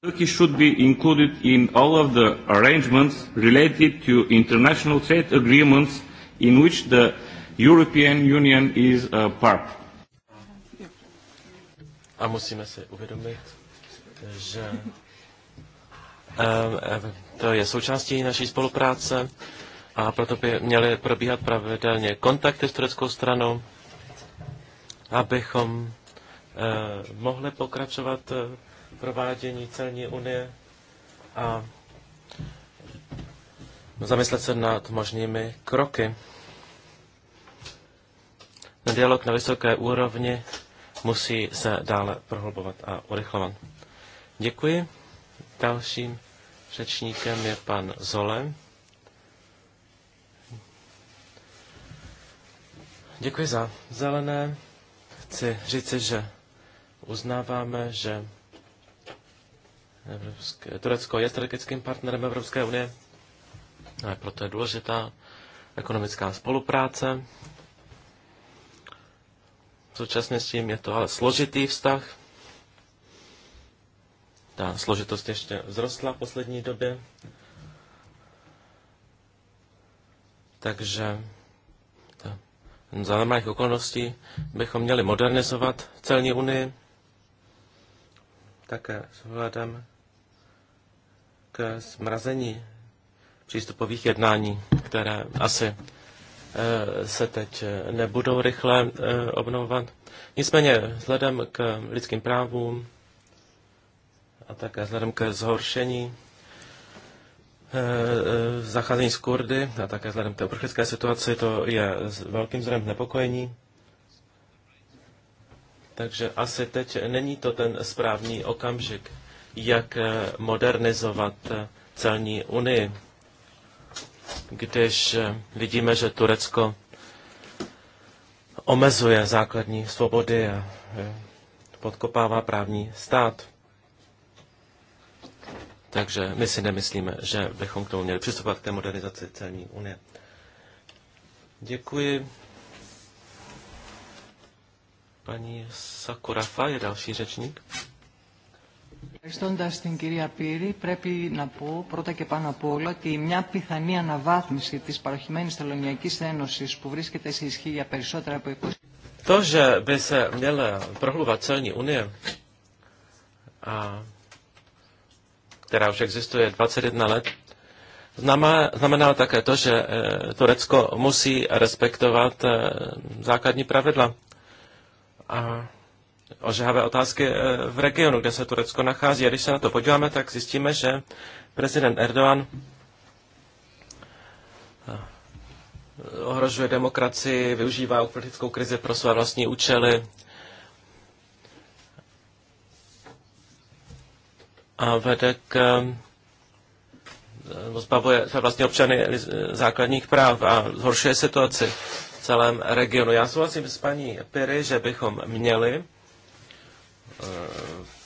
Turkey should be included in all of the arrangements related to international trade agreements in which the European Union is a part. A musíme si uvědomit, že eh, eh, to je součástí naší spolupráce a proto by měly probíhat pravidelně kontakty s tureckou stranou, abychom eh, mohli pokračovat provádění celní unie a zamyslet se nad možnými kroky. Na dialog na vysoké úrovni musí se dále prohlubovat a urychlovat. Děkuji. Dalším řečníkem je pan Zole. Děkuji za zelené. Chci říci, že uznáváme, že Evropské, Turecko je strategickým partnerem Evropské unie, a proto je důležitá ekonomická spolupráce. Současně s tím je to ale složitý vztah. Ta složitost ještě vzrostla v poslední době. Takže za normálních okolností bychom měli modernizovat celní unii také s ohledem ke zmrazení přístupových jednání, které asi eh, se teď eh, nebudou rychle eh, obnovovat. Nicméně vzhledem k lidským právům a také vzhledem ke zhoršení zacházení z Kurdy a také vzhledem k uprchlické situaci, to je velkým zdrojem nepokojení. Takže asi teď není to ten správný okamžik jak eh, modernizovat eh, celní unii, když eh, vidíme, že Turecko omezuje základní svobody a podkopává právní stát. Takže my si nemyslíme, že bychom k tomu měli přistupovat k té modernizaci celní unie. Děkuji. Paní Sakurafa je další řečník. Ευχαριστώντα την κυρία Πύρη, πρέπει να πω πρώτα και πάνω απ' όλα ότι μια πιθανή αναβάθμιση τη παροχημένη Θελωνιακή Ένωση που βρίσκεται σε ισχύ για περισσότερα από 20. To, že by se měla prohlubovat celní unie, a, která už existuje 21 let, znamená, také to, že Turecko musí respektovat základní pravidla. A ožahavé otázky eh, v regionu, kde se Turecko nachází. A když se na to podíváme, tak zjistíme, že prezident Erdogan eh, ohrožuje demokracii, využívá uprchlickou krizi pro své vlastní účely. A vede k eh, no, zbavuje své vlastní občany základních práv a zhoršuje situaci v celém regionu. Já souhlasím s paní Piry, že bychom měli Eh,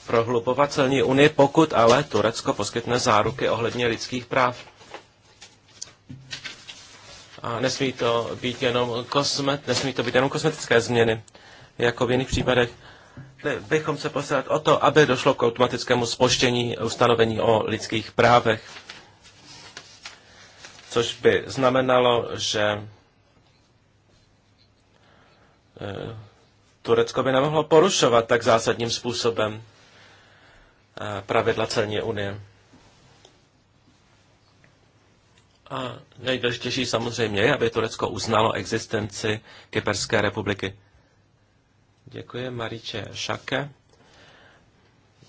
prohlubovat celní unii, pokud ale Turecko poskytne záruky ohledně lidských práv. A nesmí to být jenom, kosmet, nesmí to být jenom kosmetické změny, jako v jiných případech. Bychom se postarat o to, aby došlo k automatickému spoštění ustanovení o lidských právech, což by znamenalo, že eh, Turecko by nemohlo porušovat tak zásadním způsobem eh, pravidla celní unie. A nejdůležitější samozřejmě je, aby Turecko uznalo existenci Kyperské republiky. Děkuji, Mariče Šake.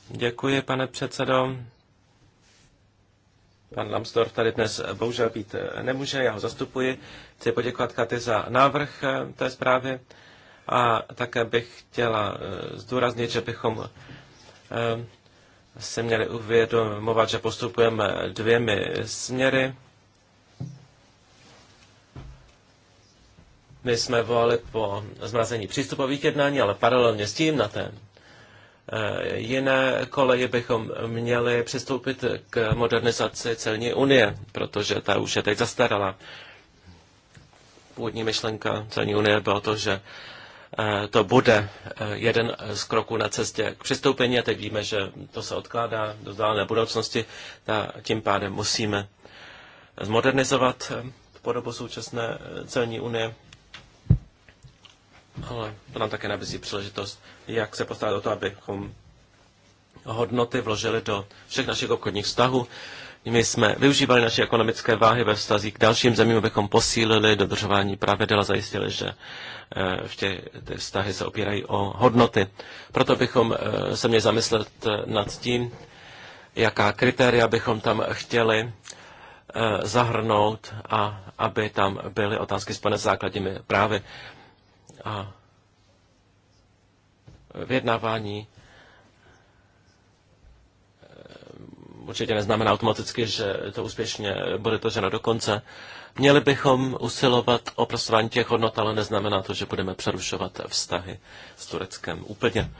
Děkuji, pane předsedo. Pan Lamstorf tady dnes bohužel být nemůže, já ho zastupuji. Chci poděkovat Katy za návrh eh, té zprávy. A také bych chtěla eh, zdůraznit, že bychom eh, se měli uvědomovat, že postupujeme dvěmi směry. My jsme volali po zmrazení přístupových jednání, ale paralelně s tím na té eh, jiné koleji bychom měli přistoupit k modernizaci celní unie, protože ta už je teď zastarala. Původní myšlenka celní unie byla to, že Eh, to bude eh, jeden z kroků na cestě k přistoupení a teď víme, že to se odkládá do vzdálené budoucnosti a tím pádem musíme zmodernizovat eh, podobu současné celní unie. Ale to nám také nabízí příležitost, jak se postavit o to, abychom hodnoty vložili do všech našich obchodních vztahů. My jsme využívali naše ekonomické váhy ve vztazích k dalším zemím, abychom posílili dodržování pravidel a zajistili, že eh, v tě, ty vztahy se opírají o hodnoty. Proto bychom eh, se měli zamyslet eh, nad tím, jaká kritéria bychom tam chtěli zahrnout a aby tam byly otázky spojené s základními právy. A vyjednávání určitě neznamená automaticky, že to úspěšně bude to, doženo do konce. Měli bychom usilovat o prostování těch hodnot, ale neznamená to, že budeme přerušovat vztahy s Tureckem úplně.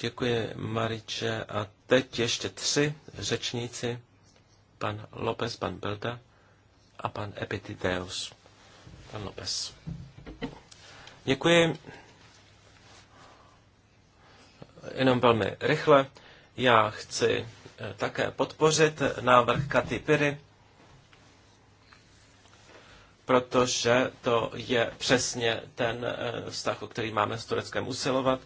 Děkuji, Mariče. A teď ještě tři řečníci. Pan López, pan Belda a pan Epitideus. Pan López. Děkuji. Jenom velmi rychle. Já chci Eh, také podpořit návrh Katy Piry, protože to je přesně ten eh, vztah, o který máme s Tureckem usilovat.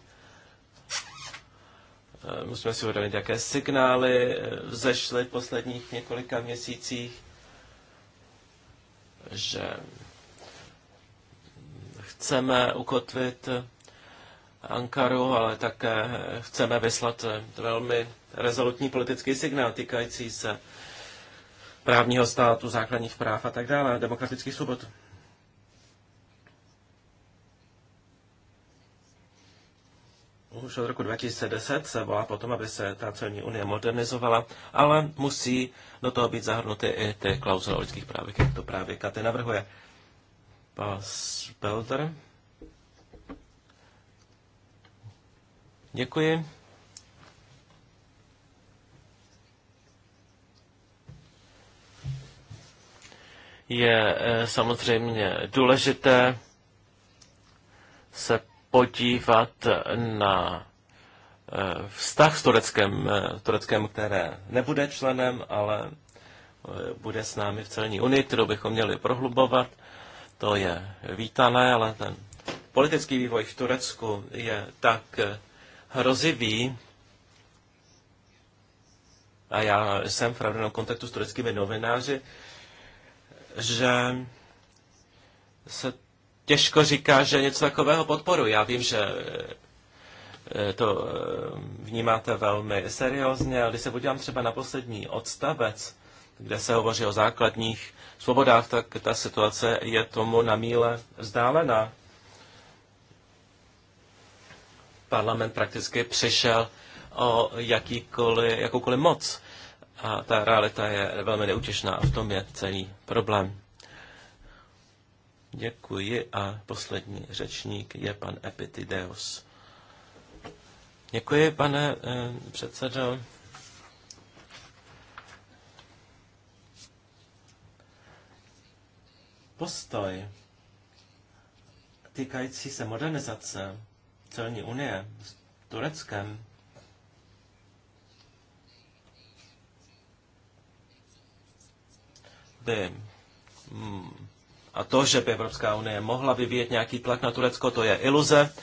Eh, musíme si uvědomit, jaké signály vzešly v posledních několika měsících, že chceme ukotvit Ankaru, ale také chceme vyslat velmi rezolutní politický signál týkající se právního státu, základních práv a tak dále, demokratických svobod. Už od roku 2010 se volá potom, aby se ta celní unie modernizovala, ale musí do toho být zahrnuty i ty klauzule o lidských právech, jak to právě Katy navrhuje. Pas Belder. Děkuji. je eh, samozřejmě důležité se podívat na eh, vztah s Tureckem, eh, Tureckem, které nebude členem, ale bude s námi v celní unii, kterou bychom měli prohlubovat. To je vítané, ale ten politický vývoj v Turecku je tak hrozivý, a já jsem v pravidelném kontaktu s tureckými novináři, že se těžko říká, že něco takového podporu. Já vím, že e, to e, vnímáte velmi seriózně, ale když se podívám třeba na poslední odstavec, kde se hovoří o základních svobodách, tak ta situace je tomu na míle vzdálená. Parlament prakticky přišel o jakýkoliv, jakoukoliv moc a ta realita je velmi neutěšná a v tom je celý problém. Děkuji a poslední řečník je pan Epitideos. Děkuji, pane e, předsedo. Postoj týkající se modernizace celní unie s Tureckem by hmm. a to, že by Evropská unie mohla vyvíjet nějaký tlak na Turecko, to je iluze.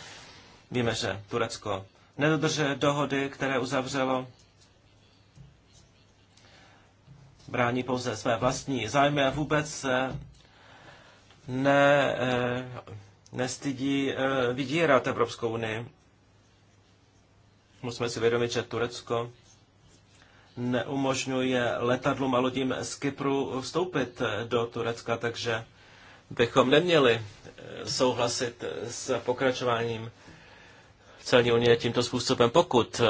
Víme, že Turecko nedodržuje dohody, které uzavřelo. Brání pouze své vlastní zájmy a vůbec se ne, eh, nestydí eh, vydírat Evropskou unii. Musíme si vědomit, že Turecko neumožňuje letadlům a lodím z Kypru vstoupit do Turecka, takže bychom neměli eh, souhlasit s pokračováním celní unie tímto způsobem. Pokud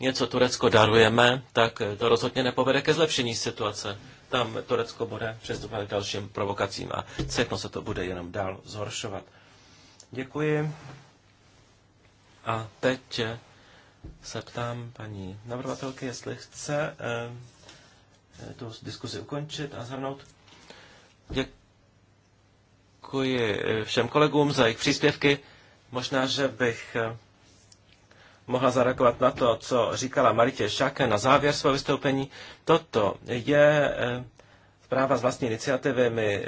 něco Turecko darujeme, tak to rozhodně nepovede ke zlepšení situace. Tam Turecko bude přistupovat k dalším provokacím a všechno se to bude jenom dál zhoršovat. Děkuji. A teď se ptám paní navrhovatelky, jestli chce eh, tu diskuzi ukončit a zhrnout. Děkuji eh, všem kolegům za jejich příspěvky. Možná, že bych eh, mohla zareagovat na to, co říkala Maritě Šáke na závěr svého vystoupení. Toto je eh, zpráva z vlastní iniciativy, my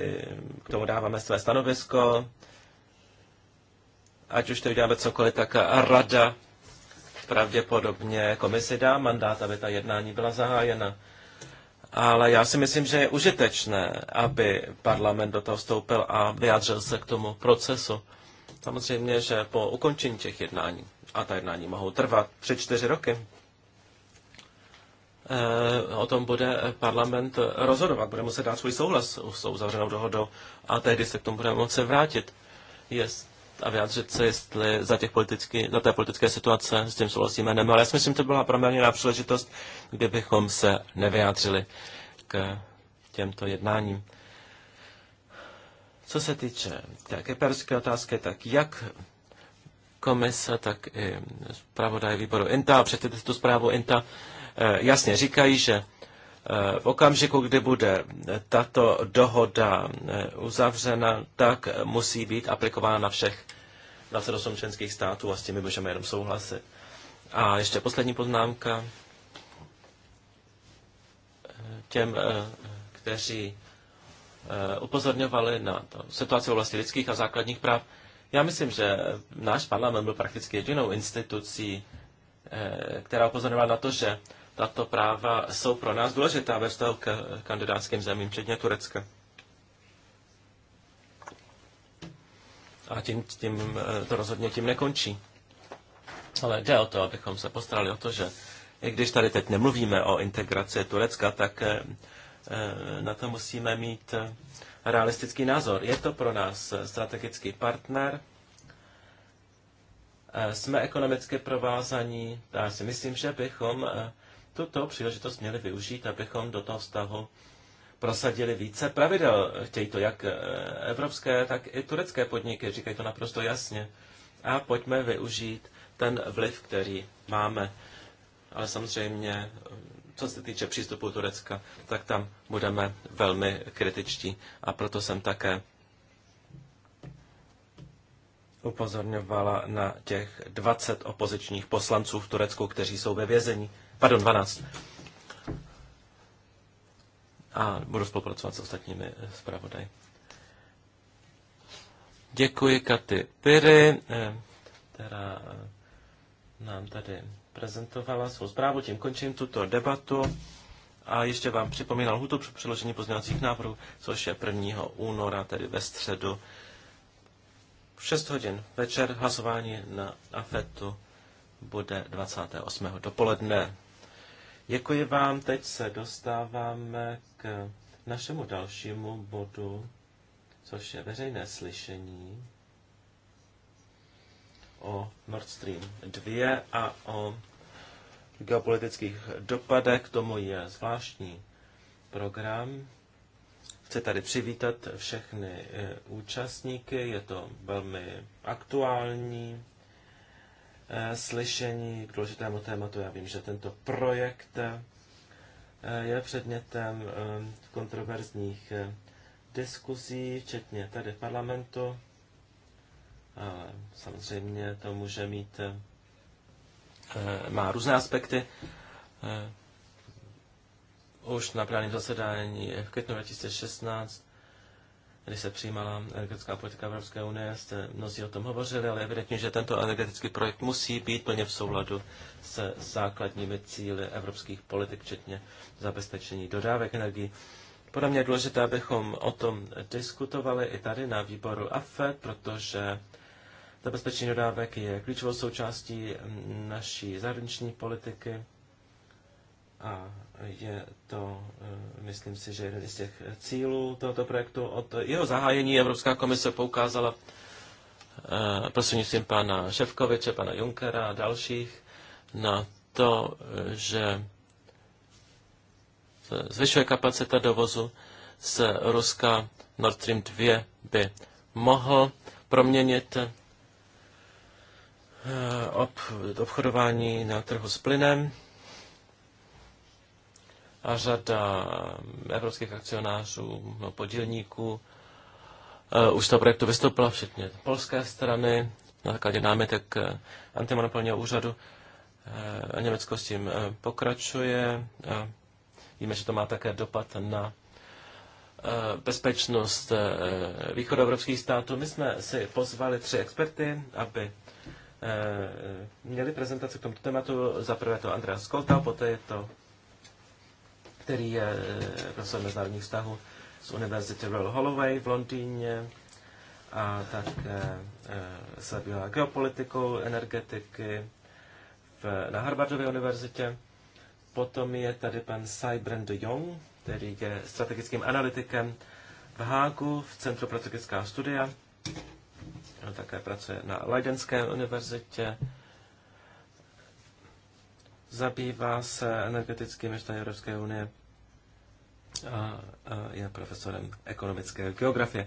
k tomu dáváme své stanovisko, ať už to uděláme cokoliv, tak rada pravděpodobně komisi dá mandát, aby ta jednání byla zahájena. Ale já si myslím, že je užitečné, aby parlament do toho vstoupil a vyjádřil se k tomu procesu. Samozřejmě, že po ukončení těch jednání, a ta jednání mohou trvat tři, čtyři roky, eh, o tom bude parlament rozhodovat, bude muset dát svůj souhlas s uzavřenou dohodou a tehdy se k tomu bude moci vrátit. Jest, a vyjádřit se, jestli za, těch politicky, za té politické situace s tím souhlasíme nebo. Ale já si myslím, že to byla proměrná příležitost, kdybychom se nevyjádřili k těmto jednáním. Co se týče té kyperské otázky, tak jak komise, tak i zpravodaj výboru INTA, před tu zprávu INTA eh, jasně říkají, že v okamžiku, kdy bude tato dohoda eh, uzavřena, tak musí být aplikována na všech 28 členských států a s těmi můžeme jenom souhlasit. A ještě poslední poznámka těm, eh, kteří eh, upozorňovali na to, situaci v oblasti lidských a základních práv. Já myslím, že náš parlament byl prakticky jedinou institucí, která upozorňovala na to, že tato práva jsou pro nás důležitá ve vztahu k kandidátským zemím, včetně Turecka. A tím, tím eh, to rozhodně tím nekončí. Ale jde o to, abychom se postarali o to, že i když tady teď nemluvíme o integraci Turecka, tak eh, eh, na to musíme mít realistický názor. Je to pro nás strategický partner, jsme ekonomicky provázaní já si myslím, že bychom tuto příležitost měli využít, abychom do toho vztahu prosadili více pravidel. Chtějí to jak eh, evropské, tak i turecké podniky, říkají to naprosto jasně. A pojďme využít ten vliv, který máme. Ale samozřejmě, co se týče přístupu Turecka, tak tam budeme velmi kritičtí. A proto jsem také upozorňovala na těch 20 opozičních poslanců v Turecku, kteří jsou ve vězení. 12. A budu spolupracovat s ostatními zpravodaji. Děkuji Katy Pyry, eh, která nám tady prezentovala svou zprávu. Tím končím tuto debatu. A ještě vám připomínal lhutu při přeložení pozměňovacích návrhů, což je 1. února, tedy ve středu. 6 hodin večer hlasování na AFETu bude 28. dopoledne. Děkuji vám. Teď se dostáváme k našemu dalšímu bodu, což je veřejné slyšení o Nord Stream 2 a o geopolitických dopadech. K tomu je zvláštní program. Chci tady přivítat všechny eh, účastníky. Je to velmi aktuální Eh, slyšení k důležitému tématu. Já vím, že tento projekt eh, je předmětem eh, kontroverzních diskuzí, včetně tady v parlamentu. Ale samozřejmě to může mít, má různé aspekty. Už na právním zasedání v květnu 2016 když se přijímala energetická politika Evropské unie, jste mnozí o tom hovořili, ale evidentně, že tento energetický projekt musí být plně v souladu se základními cíly evropských politik, včetně zabezpečení dodávek energii. Podle mě je důležité, abychom o tom diskutovali i tady na výboru AFED, protože zabezpečení dodávek je klíčovou součástí naší zahraniční politiky a je to, e, myslím si, že jeden z těch cílů tohoto projektu. Od jeho zahájení Evropská komise poukázala e, prostřednictvím pana Ševkoviče, pana Junkera a dalších na to, že zvyšuje kapacita dovozu z Ruska Nord Stream 2 by mohl proměnit e, obchodování na trhu s plynem a řada evropských akcionářů, no, podílníků uh, už z toho projektu vystoupila, včetně polské strany, na základě námitek e, antimonopolního úřadu. Uh, Německo s tím uh, pokračuje. Uh, víme, že to má také dopad na bezpečnost východoevropských států. My jsme si pozvali tři experty, aby měli prezentaci k tomuto tématu. Za prvé to Andreas Kolta, poté je to který je eh, profesor mezinárodních vztahů z Univerzity Royal Holloway v Londýně a také eh, eh, se zabývá geopolitikou, energetiky v, na Harvardově univerzitě. Potom je tady pan Cybran de Jong, který je strategickým analytikem v Hágu v Centru pro strategická studia. On také pracuje na Leidenské univerzitě zabývá se energetickými vztahy Evropské unie a je profesorem ekonomické geografie.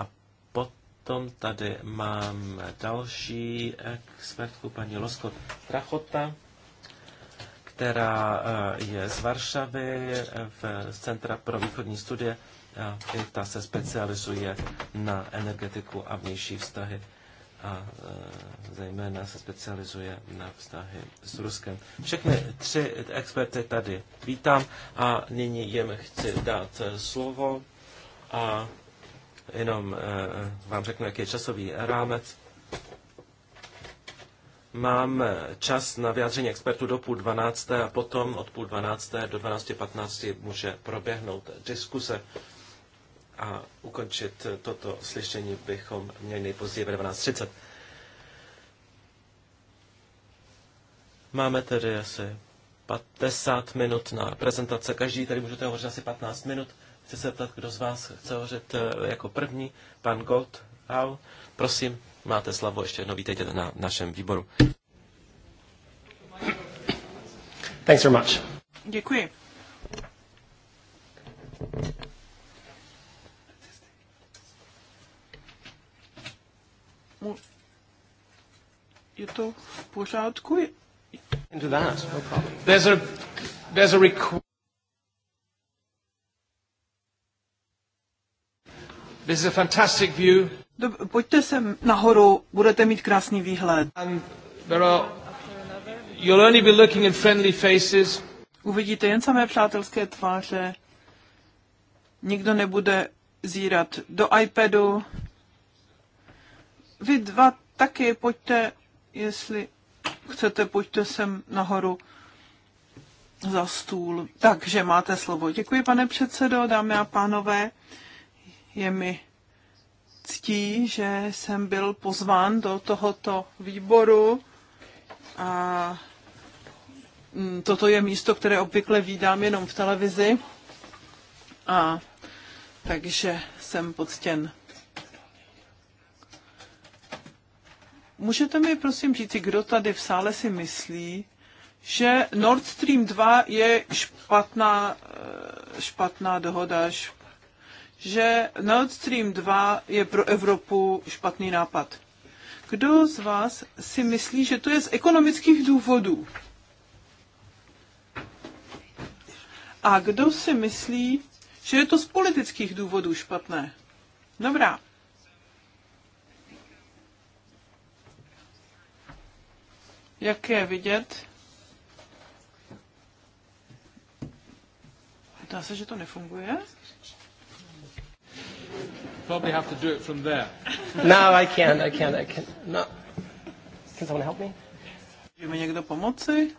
A potom tady mám další expertku, paní Losko Trachota, která e, je z Varšavy, v Centra pro východní studie. A ta se specializuje na energetiku a vnější vztahy a e, zejména se specializuje na vztahy s Ruskem. Všechny tři experty tady vítám a nyní jim chci dát e, slovo a jenom e, vám řeknu, jaký je časový rámec. Mám čas na vyjádření expertů do půl dvanácté a potom od půl dvanácté do 12.15 může proběhnout diskuse a ukončit toto slyšení bychom měli nejpozději ve 12.30. Máme tedy asi 50 minut na prezentace. Každý tady můžete hovořit asi 15 minut. Chci se zeptat, kdo z vás chce hovořit eh, jako první. Pan Gold, Al, prosím, máte slavu ještě jednou. Vítejte na našem výboru. Thanks very much. Děkuji. Je to v pořádku? Into that, no problem. There's a, there's a request. This is a fantastic view. Dob- pojďte sem nahoru, budete mít krásný výhled. And um, there are, you'll only be looking in friendly faces. Uvidíte jen samé přátelské tváře. Nikdo nebude zírat do iPadu. Vy dva taky pojďte, jestli chcete, pojďte sem nahoru za stůl. Takže máte slovo. Děkuji, pane předsedo, dámy a pánové. Je mi ctí, že jsem byl pozván do tohoto výboru a mm, toto je místo, které obvykle vídám jenom v televizi. A takže jsem poctěn. Můžete mi prosím říct, kdo tady v sále si myslí, že Nord Stream 2 je špatná, eh, špatná dohoda, že Nord Stream 2 je pro Evropu špatný nápad. Kdo z vás si myslí, že to je z ekonomických důvodů? A kdo si myslí, že je to z politických důvodů špatné? Dobrá, Jak je vidět, dá se, že to nefunguje. Probably have to do it from there. no, I can't, I can't, I can't. No. Can someone help me? Může mi někdo pomoci?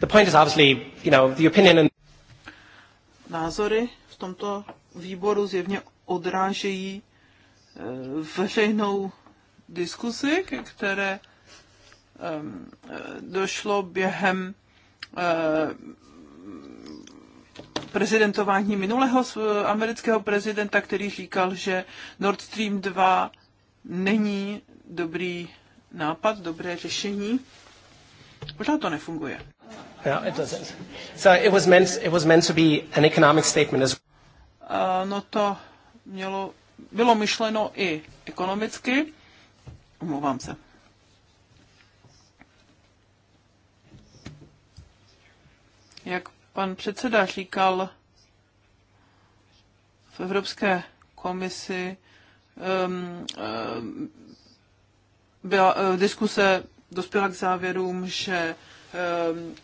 The point is obviously, you know, the opinion and... Názory v tomto výboru zjevně odrážejí eh, veřejnou diskusi, které Ehm, došlo během ehm, prezidentování minulého amerického prezidenta, který říkal, že Nord Stream 2 není dobrý nápad, dobré řešení. Možná to nefunguje. to No to mělo, bylo myšleno i ekonomicky. Omlouvám se. jak pan předseda říkal, v Evropské komisi um, um, byla, uh, diskuse dospěla k závěrům, že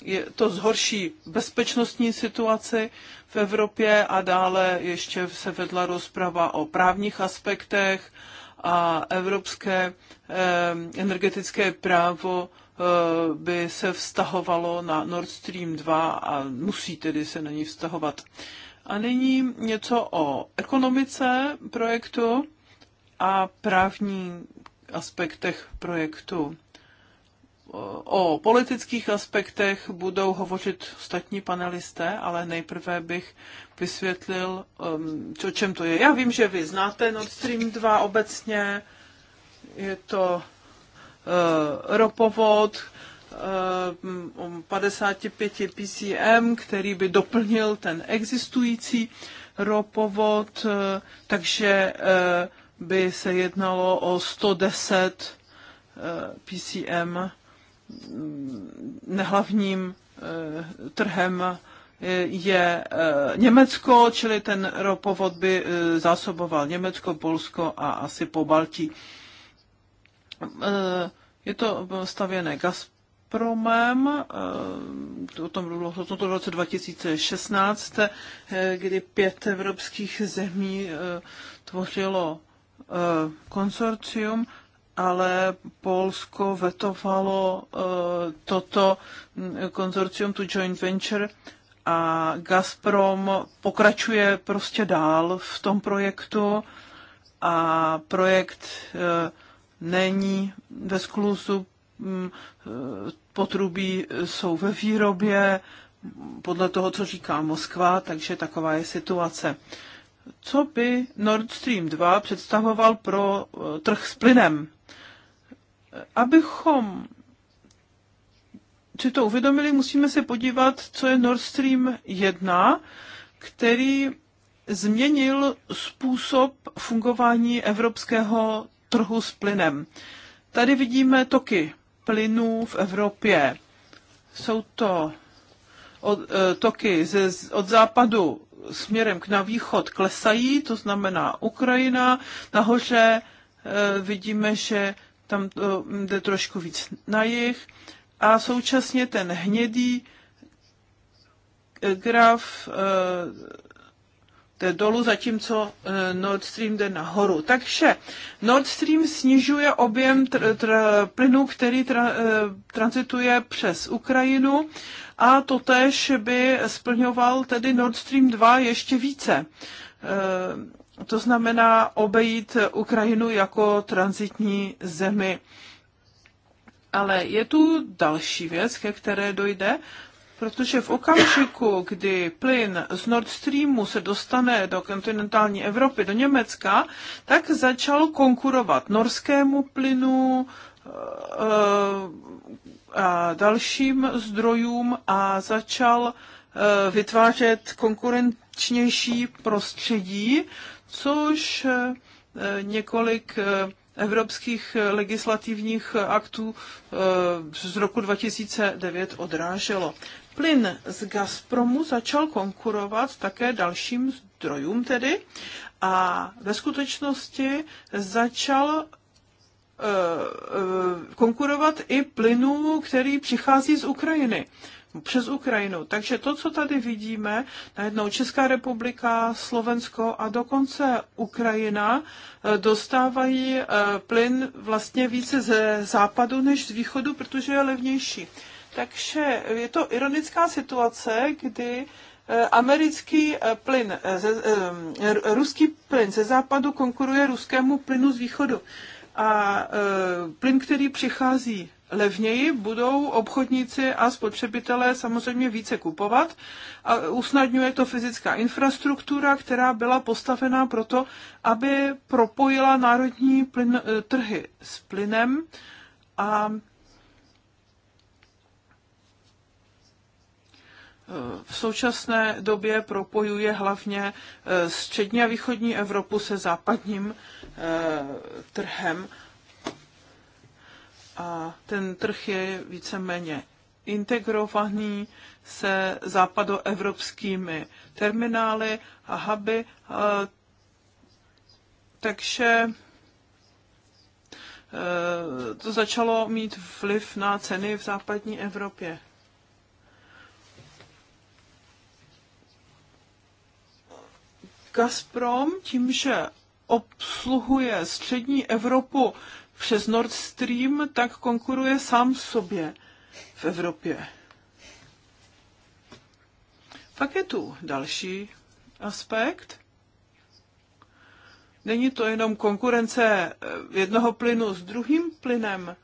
je, to zhorší bezpečnostní situaci v Evropě a dále ještě se vedla rozprava o právních aspektech a evropské energetické právo Eh, by se vztahovalo na Nord Stream 2 a musí tedy se na ní vztahovat. A nyní něco o ekonomice projektu a právní aspektech projektu. O politických aspektech budou hovořit ostatní panelisté, ale nejprve bych vysvětlil, o čem to je. Já vím, že vy znáte Nord Stream 2 obecně. Je to Eh, ropovod 55 eh, um, PCM, který by doplnil ten existující ropovod, eh, takže by se jednalo o 110 PCM nehlavním trhem je Německo, čili ten ropovod by zásoboval Německo, Polsko a asi po Baltii. Eh, je to stavěné Gazpromem, eh, o tom bylo to v roce 2016, eh, kdy pět evropských zemí tvořilo konsorcium ale Polsko vetovalo toto mm, konzorcium, tu joint venture a Gazprom pokračuje prostě dál v tom projektu a projekt není ve sklusu, mm, potrubí jsou ve výrobě, podle toho, co říká Moskva, takže taková je situace. Co by Nord Stream 2 představoval pro eh, trh s plynem? Abychom si to uvědomili, musíme se podívat, co je Nord Stream 1, který změnil způsob fungování evropského trhu s plynem. Tady vidíme toky plynů v Evropě. Jsou to od, e, toky ze, od západu směrem k na východ klesají, to znamená Ukrajina, nahoře e, vidíme, že tam to e, jde trošku víc na jih a současně ten hnědý graf jde dolů, zatímco eh, Nord Stream jde nahoru. Takže Nord Stream snižuje objem tr- tr- plynu, který tra- eh, transituje přes Ukrajinu a totéž by splňoval tedy Nord Stream 2 ještě více. Eh, to znamená obejít Ukrajinu jako transitní zemi. Ale je tu další věc, ke které dojde, protože v okamžiku, kdy plyn z Nord Streamu se dostane do kontinentální Evropy, do Německa, tak začal konkurovat norskému plynu, eh, eh, a dalším zdrojům a začal eh, vytvářet konkurenčnější prostředí, což několik evropských legislativních aktů z roku 2009 odráželo. Plyn z Gazpromu začal konkurovat také dalším zdrojům tedy a ve skutečnosti začal e, e, konkurovat i plynu, který přichází z Ukrajiny přes Ukrajinu. Takže to, co tady vidíme, najednou Česká republika, Slovensko a dokonce Ukrajina e, dostávají plyn vlastně více ze západu než z východu, protože je levnější. Takže je to ironická situace, kdy eh, americký eh, plyn, eh, ruský plyn ze západu konkuruje ruskému plynu z východu. A plyn, který přichází levněji, budou obchodníci a spotřebitelé samozřejmě více kupovat. A usnadňuje to fyzická infrastruktura, která byla postavená proto, aby propojila národní plyn, trhy s plynem. A v současné době propojuje hlavně eh, střední a východní Evropu se západním eh, trhem. A ten trh je víceméně integrovaný se západoevropskými terminály a huby. Eh, takže to začalo mít vliv na ceny v západní Evropě. Gazprom tím, že obsluhuje střední Evropu přes Nord Stream, tak konkuruje sám sobě v Evropě. Pak je tu další aspekt. Není to jenom konkurence eh, jednoho plynu s druhým plynem.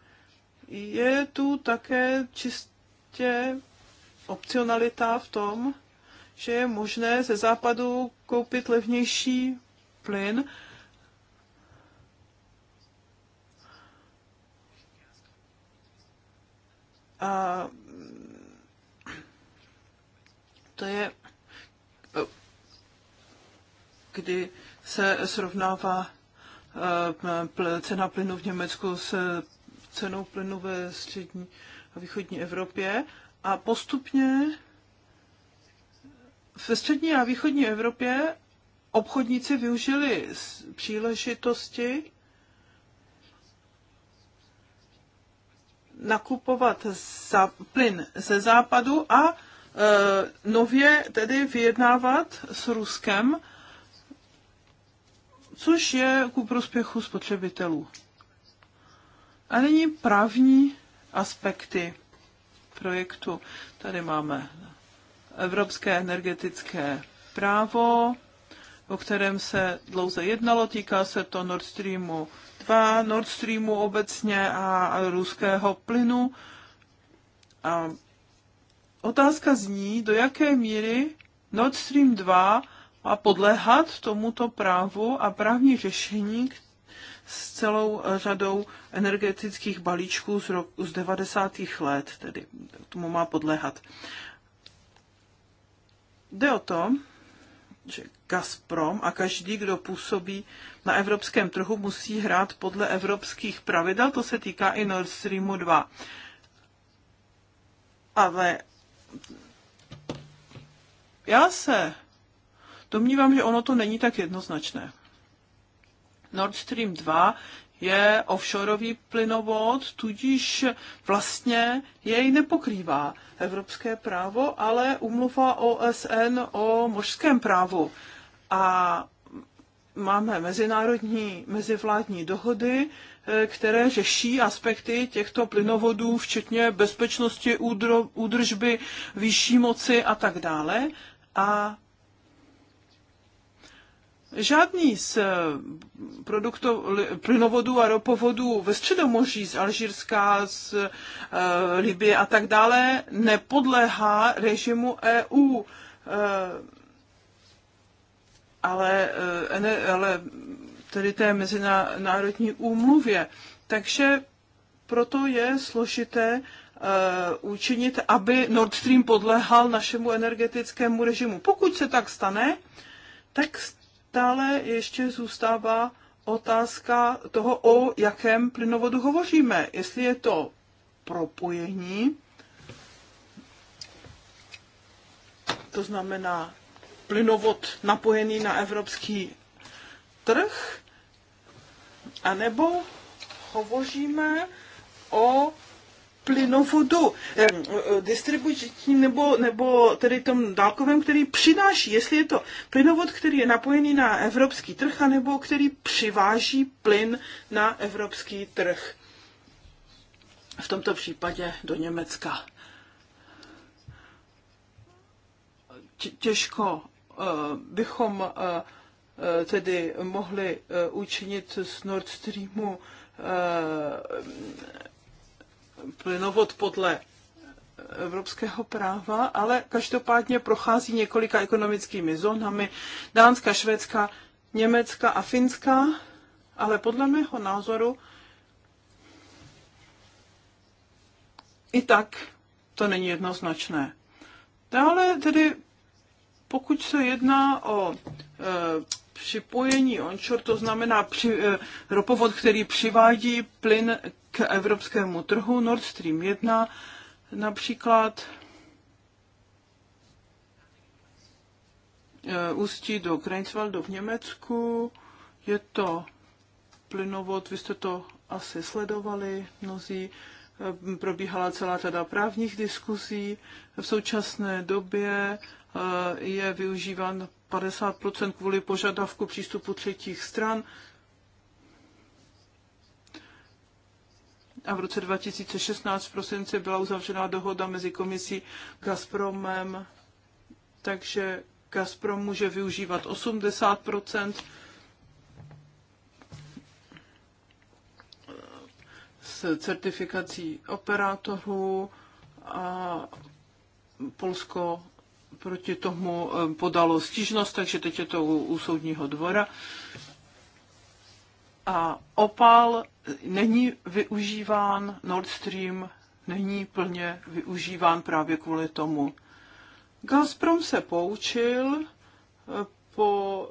Je tu také čistě opcionalita v tom, že je možné ze západu koupit levnější plyn. A to je, kdy se srovnává eh, cena plynu v Německu s cenou plynu ve střední a východní Evropě a postupně ve střední a východní Evropě obchodníci využili příležitosti nakupovat za plyn ze západu a e, nově tedy vyjednávat s Ruskem, což je ku prospěchu spotřebitelů. A nyní právní aspekty projektu. Tady máme evropské energetické právo, o kterém se dlouze jednalo. Týká se to Nord Streamu 2, Nord Streamu obecně a, ruského plynu. A otázka zní, do jaké míry Nord Stream 2 má podléhat tomuto právu a právní řešení s celou řadou energetických balíčků z, roku, z 90. let, tedy tomu má podléhat. Jde o to, že Gazprom a každý, kdo působí na evropském trhu, musí hrát podle evropských pravidel. To se týká i Nord Streamu 2. Ale já se domnívám, že ono to není tak jednoznačné. Nord Stream 2 je offshoreový plynovod, tudíž vlastně jej nepokrývá evropské právo, ale umluva OSN o mořském právu. A máme mezinárodní mezivládní dohody, eh, které řeší aspekty těchto plynovodů, včetně bezpečnosti, údržby, výšší moci a tak dále. A Žádný z eh, produktů, plynovodů a ropovodů ve Středomoří z Alžírska, z e, Libie a tak dále nepodléhá režimu EU. E, eh, ale, e, ale tedy té mezinárodní úmluvě. Takže proto je složité učinit, aby Nord Stream podléhal našemu energetickému režimu. Pokud se tak stane, tak Dále ještě zůstává otázka toho, o jakém plynovodu hovoříme. Jestli je to propojení, to znamená plynovod napojený na evropský trh, anebo hovoříme o plynovodu e, e, distribuční nebo, nebo tedy tom dálkovém, který přináší, jestli je to plynovod, který je napojený na evropský trh, anebo který přiváží plyn na evropský trh. V tomto případě do Německa. Těžko e, bychom tedy mohli učinit z Nord Streamu plynovod podle evropského práva, ale každopádně prochází několika ekonomickými zónami Dánska, Švédska, Německa a Finska, ale podle mého názoru i tak to není jednoznačné. Dále tedy, pokud se jedná o e, připojení onshore, to znamená při, e, ropovod, který přivádí plyn k evropskému trhu Nord Stream 1 například eh, ústí do Kreinswaldu v Německu. Je to plynovod, vy jste to asi sledovali mnozí, eh, probíhala celá teda právních diskuzí. V současné době eh, je využíván 50% kvůli požadavku přístupu třetích stran a v roce 2016 v prosinci byla uzavřena dohoda mezi komisí Gazpromem, takže Gazprom může využívat 80 s certifikací operátorů a Polsko proti tomu eh, podalo stížnost, takže teď je to u, u soudního dvora a opal není využíván, Nord Stream není plně využíván právě kvůli tomu. Gazprom se poučil eh, po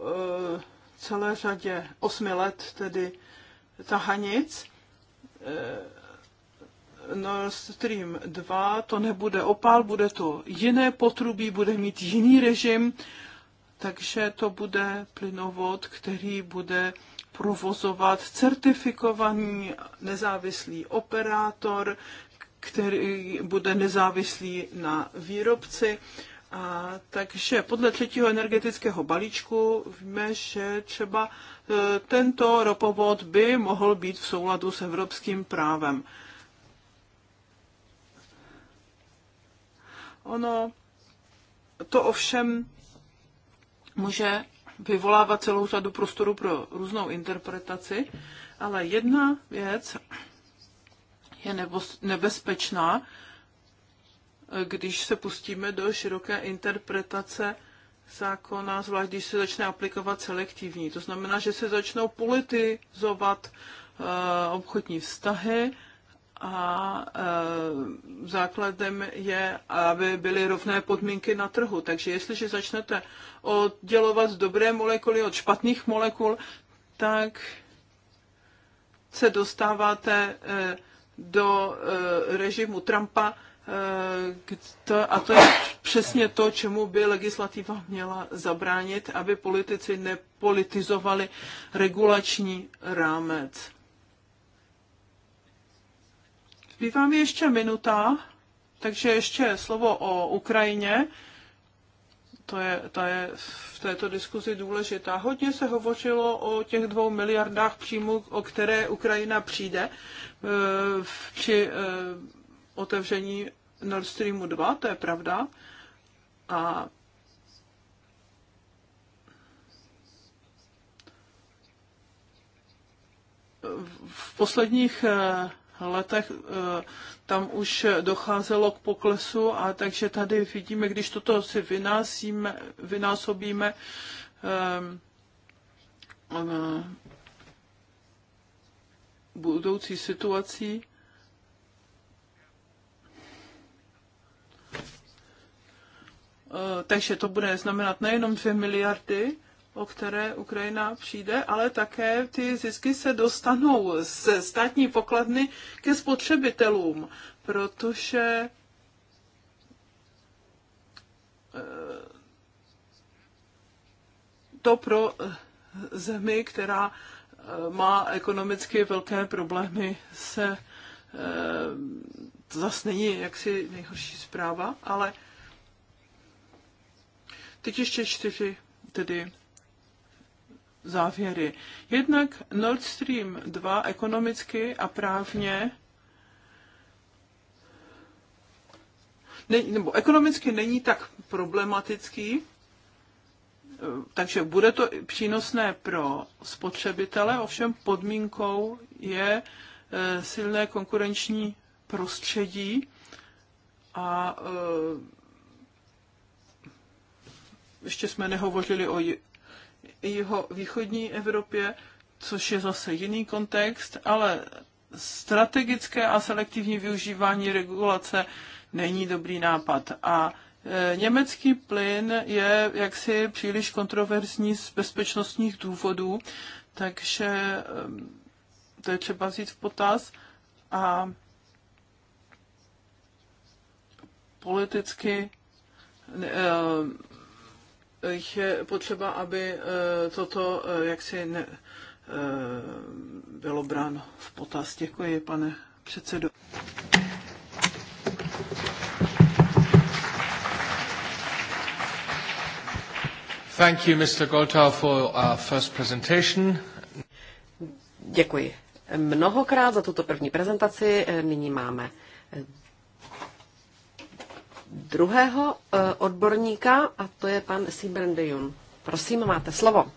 eh, celé řadě osmi let tedy tahanic. Eh, Nord Stream 2 to nebude opal, bude to jiné potrubí, bude mít jiný režim, takže to bude plynovod, který bude provozovat certifikovaný nezávislý operátor, který bude nezávislý na výrobci. A, takže podle třetího energetického balíčku víme, že třeba e, tento ropovod by mohl být v souladu s evropským právem. Ono to ovšem může vyvolává celou řadu prostoru pro různou interpretaci, ale jedna věc je nebezpečná, když se pustíme do široké interpretace zákona, zvlášť když se začne aplikovat selektivní. To znamená, že se začnou politizovat eh, obchodní vztahy a e, základem je, aby byly rovné podmínky na trhu. Takže jestliže začnete oddělovat dobré molekuly od špatných molekul, tak se dostáváte e, do e, režimu Trumpa a to je přesně to, čemu by legislativa měla zabránit, aby politici nepolitizovali regulační rámec. Zbývá mi ještě minuta, takže ještě slovo o Ukrajině. To je, ta je v této diskuzi důležitá. Hodně se hovořilo o těch dvou miliardách příjmů, o které Ukrajina přijde eh, při eh, otevření Nord Streamu 2, to je pravda. A v posledních eh, letech eh, tam už docházelo k poklesu a takže tady vidíme, když toto si vynásíme, vynásobíme, ehm, eh, budoucí situací, eh, takže to bude znamenat nejenom 2 miliardy, o které Ukrajina přijde, ale také ty zisky se dostanou z státní pokladny ke spotřebitelům, protože eh, to pro zemi, která eh, má ekonomicky velké problémy, se to eh, zase není jaksi nejhorší zpráva, ale teď ještě čtyři tedy závěry. Jednak Nord Stream 2 ekonomicky a právně nebo ekonomicky není tak problematický, eh, takže bude to přínosné pro spotřebitele, ovšem podmínkou je eh, silné konkurenční prostředí a eh, ještě jsme nehovořili o jeho východní Evropě, což je zase jiný kontext, ale strategické a selektivní využívání regulace není dobrý nápad. A e, Německý plyn je jaksi příliš kontroverzní z bezpečnostních důvodů, takže e, to je třeba vzít v potaz a politicky e, je potřeba, aby eh, toto eh, jaksi ne, eh, bylo bráno v potaz. Děkuji, pane předsedo. Thank you, Mr. Gotthard, for our first presentation. Děkuji mnohokrát za tuto první prezentaci. Nyní máme druhého eh, odborníka a to je pan Sibren de Jun. Prosím, máte slovo.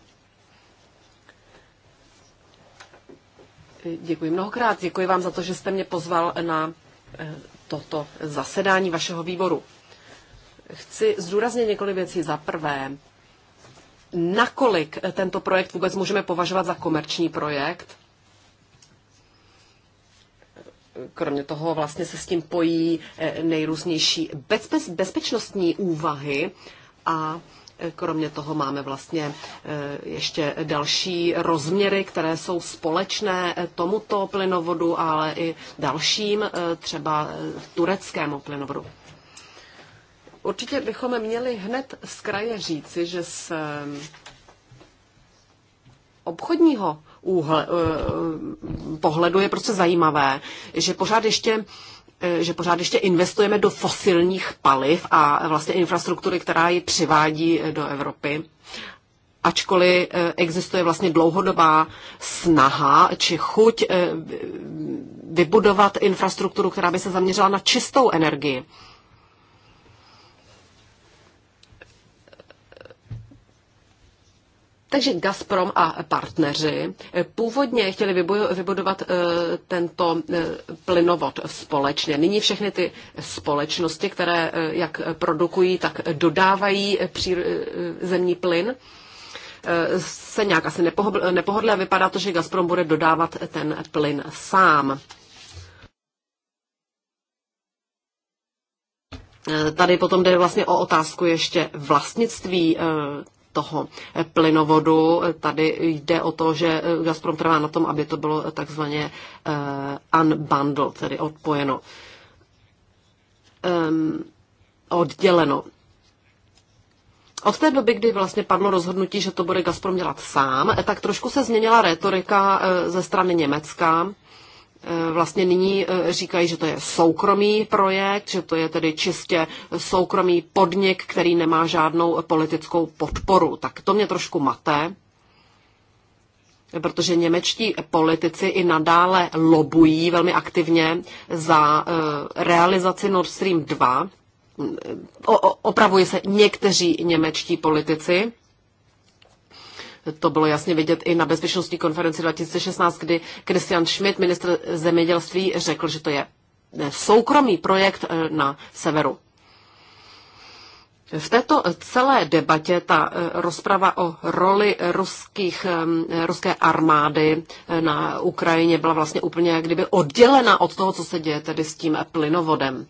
Eh, děkuji mnohokrát, děkuji vám za to, že jste mě pozval na eh, toto zasedání vašeho výboru. Chci zdůraznit několik věcí. Za prvé, nakolik tento projekt vůbec můžeme považovat za komerční projekt kromě toho vlastně se s tím pojí eh, nejrůznější bezpečnostní úvahy a eh, Kromě toho máme vlastně eh, ještě další rozměry, které jsou společné tomuto plynovodu, ale i dalším, třeba tureckému plynovodu. Určitě bychom měli hned z kraje říci, že z obchodního úhle, eh, pohledu je prostě zajímavé, že pořád ještě eh, že pořád ještě investujeme do fosilních paliv a vlastně infrastruktury, která ji přivádí eh, do Evropy. Ačkoliv existuje vlastně dlouhodobá snaha či chuť vybudovat infrastrukturu, která by se zaměřila na čistou energii. Takže Gazprom a partneři eh, původně chtěli vybudovat eh, tento eh, plynovod společně. Nyní všechny ty společnosti, které jak produkují, tak dodávají zemní plyn, se nějak asi nepohodlí a vypadá to, že Gazprom bude dodávat ten plyn sám. Tady potom jde vlastně o otázku ještě vlastnictví toho plynovodu. Tady jde o to, že Gazprom trvá na tom, aby to bylo takzvaně eh, unbundled, tedy odpojeno, ehm, odděleno. Od té doby, kdy vlastně padlo rozhodnutí, že to bude Gazprom dělat sám, tak trošku se změnila rétorika eh, ze strany Německa Eh, vlastně nyní eh, říkají, že to je soukromý projekt, že to je tedy čistě soukromý podnik, který nemá žádnou politickou podporu. Tak to mě trošku maté, protože němečtí politici i nadále lobují velmi aktivně za eh, realizaci Nord Stream 2. O, opravují se někteří němečtí politici. To bylo jasně vidět i na bezpečnostní konferenci 2016, kdy Christian Schmidt, ministr zemědělství, řekl, že to je eh, soukromý projekt eh, na severu. V této eh, celé debatě ta rozprava o roli ruských, ruské armády na Ukrajině byla vlastně úplně jak kdyby oddělena od toho, co se děje tedy s tím plynovodem.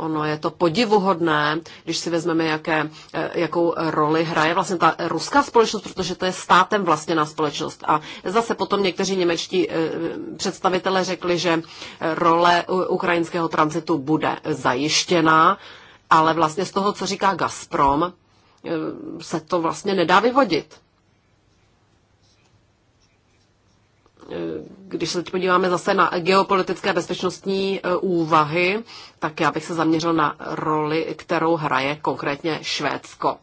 Ono je to podivuhodné, když si vezmeme, jaké, e, jakou roli hraje vlastně ta ruská společnost, protože to je státem vlastně na společnost. A zase potom někteří němečtí e, představitelé řekli, že role ukrajinského tranzitu bude zajištěná, ale vlastně z toho, co říká Gazprom, e, se to vlastně nedá vyvodit. Eh, když se teď podíváme zase na geopolitické bezpečnostní eh, úvahy, tak já bych se zaměřil na roli, kterou hraje konkrétně Švédsko.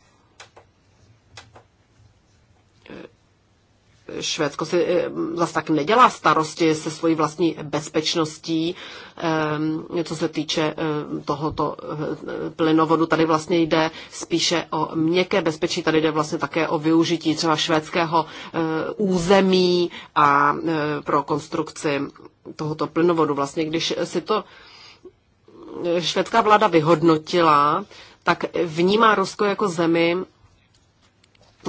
Švédsko si eh, zase tak nedělá starosti se svojí vlastní bezpečností, ehm, co se týče eh, tohoto eh, plynovodu. Tady vlastně jde spíše o měkké bezpečí, tady jde vlastně také o využití třeba švédského území a pro konstrukci tohoto plynovodu. Vlastně, když si to švédská vláda vyhodnotila, tak vnímá Rusko jako zemi,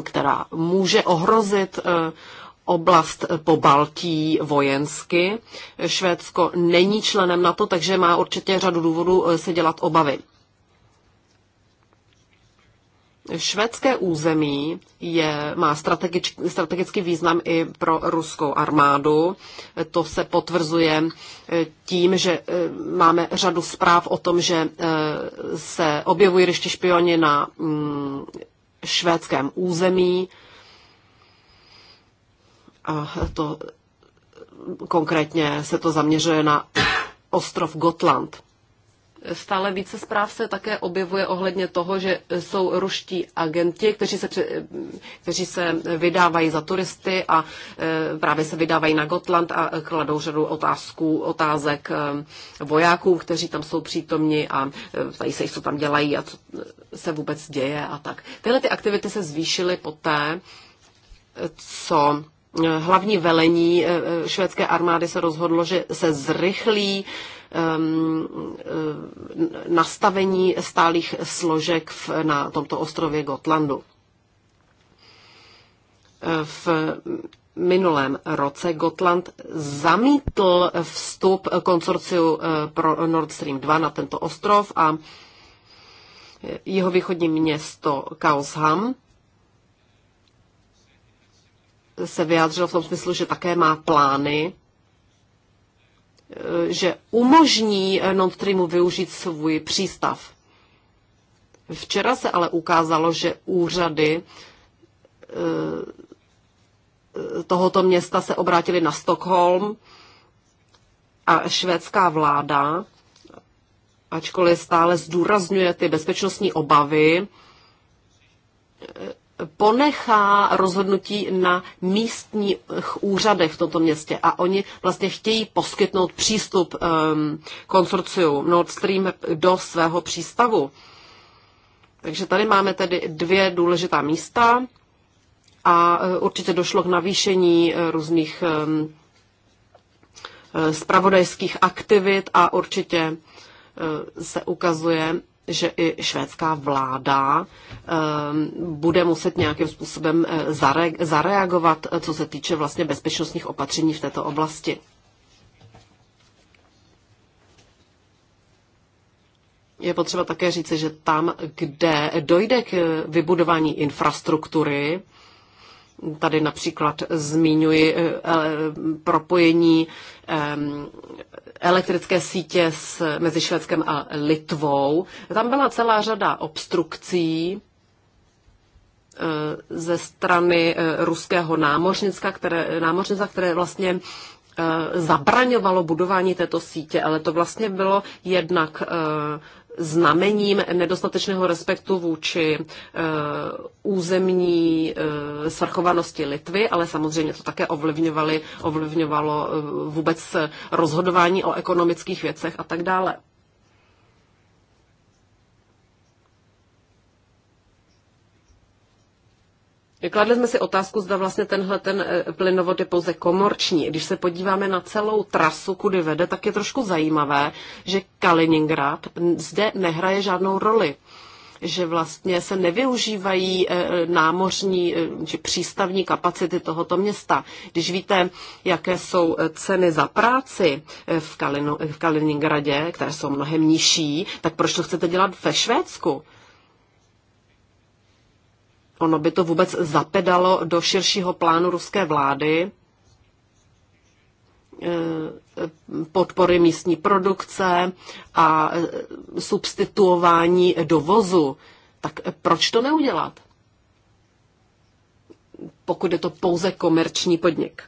která může ohrozit eh, oblast po Baltí vojensky. Švédsko není členem NATO, takže má určitě řadu důvodů eh, se dělat obavy. Švédské území je, má strategič, strategický význam i pro ruskou armádu. To se potvrzuje eh, tím, že máme řadu zpráv o tom, že se objevují ještě špioni na mm, švédském území. A to konkrétně se to zaměřuje na ostrov Gotland. Stále více zpráv se také objevuje ohledně toho, že jsou ruští agenti, kteří se, kteří se vydávají za turisty a e, právě se vydávají na Gotland a kladou řadu otázků, otázek e, vojáků, kteří tam jsou přítomni a e, ptají se, co tam dělají a co se vůbec děje a tak. Tyhle ty aktivity se zvýšily poté, co hlavní velení švédské armády se rozhodlo, že se zrychlí Um, eh, nastavení stálých složek na tomto ostrově Gotlandu. V minulém roce Gotland zamítl vstup konsorciu eh, pro Nord Stream 2 na tento ostrov a jeho východní město Kaosham se vyjádřilo v tom smyslu, že také má plány Eh, že umožní eh, Nord Streamu využít svůj přístav. Včera se ale ukázalo, že úřady eh, tohoto města se obrátili na Stockholm a švédská vláda, ačkoliv stále zdůrazňuje ty bezpečnostní obavy, ponechá rozhodnutí na místních úřadech v tomto městě a oni vlastně chtějí poskytnout přístup um, konsorciu Nord Stream do svého přístavu. Takže tady máme tedy dvě důležitá místa a eh, určitě došlo k navýšení eh, různých um, ehm, spravodajských eh, aktivit a určitě se ukazuje, že i švédská vláda ehm, bude muset nějakým způsobem eh, zareagovat, eh, co se týče vlastně bezpečnostních opatření v této oblasti. Je potřeba také říci, že tam, kde dojde k vybudování infrastruktury, tady například zmiňuji eh, propojení ehm, elektrické sítě s, mezi Švédskem a Litvou. Tam byla celá řada obstrukcí eh, ze strany eh, ruského námořnictva, které, námořnictva, které vlastně eh, zabraňovalo budování této sítě, ale to vlastně bylo jednak znamením nedostatečného respektu vůči eh, územní eh, svrchovanosti Litvy, ale samozřejmě to také ovlivňovalo eh, vůbec rozhodování o ekonomických věcech a tak dále. Kladli jsme si otázku, zda vlastně tenhle ten eh, plynovod je pouze komorční. Když se podíváme na celou trasu, kudy vede, tak je trošku zajímavé, že Kaliningrad zde nehraje žádnou roli že vlastně se nevyužívají eh, námořní eh, či přístavní kapacity tohoto města. Když víte, jaké jsou ceny za práci v, Kalinu, v Kaliningradě, které jsou mnohem nižší, tak proč to chcete dělat ve Švédsku? ono by to vůbec zapedalo do širšího plánu ruské vlády e, podpory místní produkce a e, substituování dovozu. Tak proč to neudělat? Pokud je to pouze komerční podnik.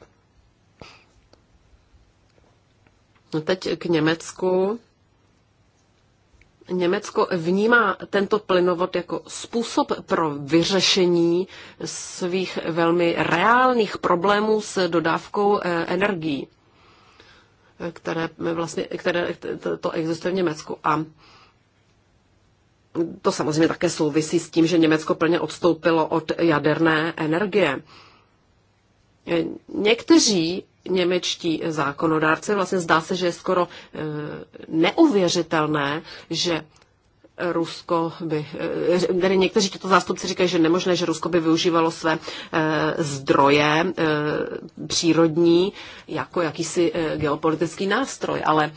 No teď k Německu. Německo vnímá tento plynovod jako způsob pro vyřešení svých velmi reálných problémů s dodávkou eh, energií, eh, které, eh, vlastně, které to existuje v Německu. A to samozřejmě také souvisí s tím, že Německo plně odstoupilo od jaderné energie. Někteří němečtí zákonodárci. Vlastně zdá se, že je skoro eh, neuvěřitelné, že Rusko by, eh, tedy někteří tyto zástupci říkají, že nemožné, že Rusko by využívalo své eh, zdroje přírodní jako jakýsi geopolitický nástroj, ale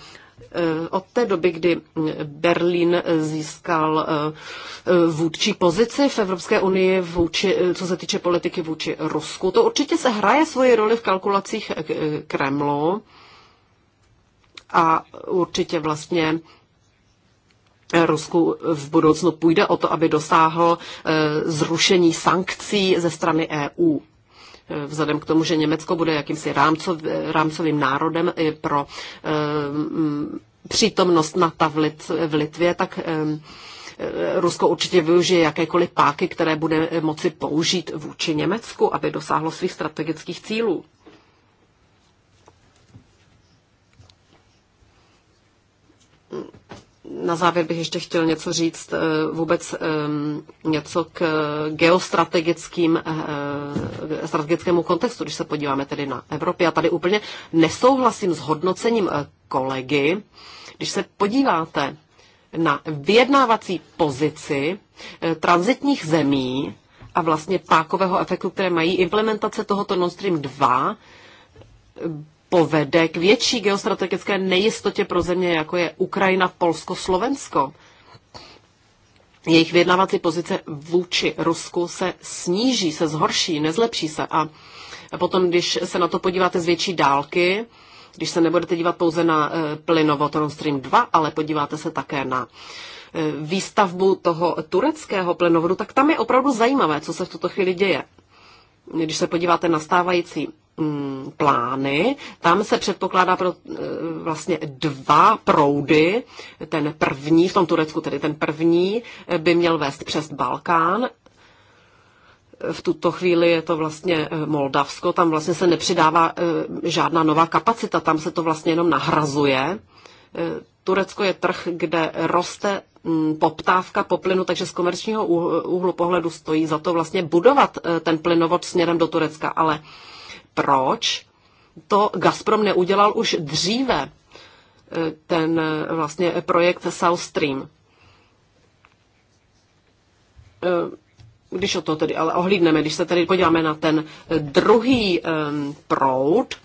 od té doby, kdy Berlín získal eh, vůdčí pozici v Evropské unii, vůči, eh, co se týče politiky vůči Rusku, to určitě se hraje svoji roli v kalkulacích eh, Kremlu a určitě vlastně Rusku v budoucnu půjde o to, aby dosáhl zrušení sankcí ze strany EU vzhledem k tomu, že Německo bude jakýmsi rámcov, rámcovým národem i pro ehm, přítomnost NATO v, Lit, v Litvě, tak ehm, Rusko určitě využije jakékoliv páky, které bude moci použít vůči Německu, aby dosáhlo svých strategických cílů. na závěr bych ještě chtěl něco říct, eh, vůbec ehm, něco k eh, geostrategickým, eh, strategickému kontextu, když se podíváme tedy na Evropu. A tady úplně nesouhlasím s hodnocením kolegy. Když se podíváte na vyjednávací pozici transitních zemí a vlastně pákového efektu, které mají implementace tohoto Nord Stream 2, povede k větší geostrategické nejistotě pro země, jako je Ukrajina, Polsko, Slovensko. Jejich vyjednávací pozice vůči Rusku se sníží, se zhorší, nezlepší se. A potom, když se na to podíváte z větší dálky, když se nebudete dívat pouze na e, plynovod Nord Stream 2, ale podíváte se také na e, výstavbu toho tureckého plynovodu, tak tam je opravdu zajímavé, co se v tuto chvíli děje když se podíváte na stávající mm, plány. Tam se předpokládá pro e, vlastně dva proudy. Ten první, v tom Turecku tedy ten první, e, by měl vést přes Balkán. V tuto chvíli je to vlastně e, Moldavsko, tam vlastně se nepřidává žádná nová kapacita, tam se to vlastně jenom nahrazuje. Turecko je trh, kde roste Mm, poptávka po plynu, takže z komerčního úhlu pohledu stojí za to vlastně budovat eh, ten plynovod směrem do Turecka. Ale proč to Gazprom neudělal už dříve, eh, ten eh, vlastně projekt South Stream? Když o to tedy ale ohlídneme, když se tedy podíváme na ten druhý proud,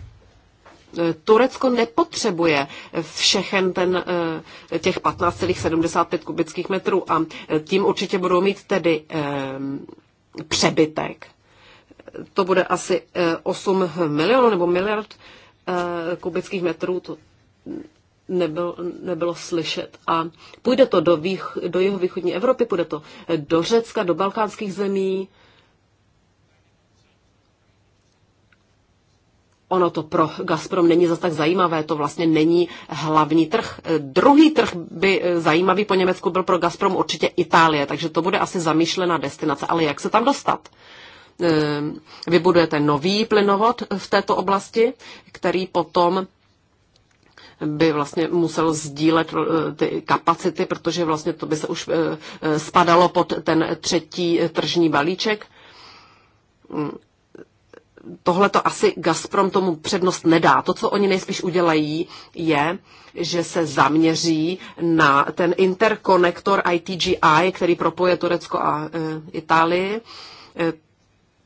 E, Turecko nepotřebuje všechen ten, e, těch 15,75 kubických metrů a tím určitě budou mít tedy e, přebytek. To bude asi 8 milionů nebo miliard kubických metrů, to nebylo nebylo slyšet. A půjde to do, vých, do jeho východní Evropy, půjde to do Řecka, do balkánských zemí, ono to pro Gazprom není zas tak zajímavé, to vlastně není hlavní trh. Eh, druhý trh by eh, zajímavý po Německu byl pro Gazprom určitě Itálie, takže to bude asi zamýšlená destinace, ale jak se tam dostat? Eh, vybudujete nový plynovod v této oblasti, který potom by vlastně musel sdílet ty kapacity, protože vlastně to by se už spadalo pod ten třetí tržní balíček mm tohle to asi Gazprom tomu přednost nedá. To, co oni nejspíš udělají, je, že se zaměří na ten interkonektor ITGI, který propoje Turecko a e, Itálii. E,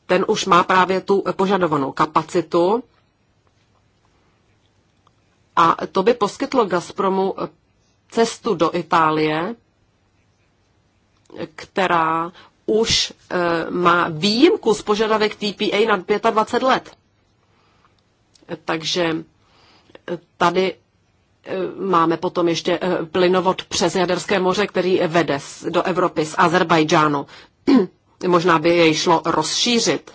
ten už má právě tu požadovanou kapacitu. A to by poskytlo Gazpromu cestu do Itálie, která už eh, má výjimku z požadavek TPA na 25 let. Takže eh, tady eh, máme potom ještě plynovod přes Jaderské moře, který vede do Evropy z Azerbajdžánu. Možná by jej šlo rozšířit.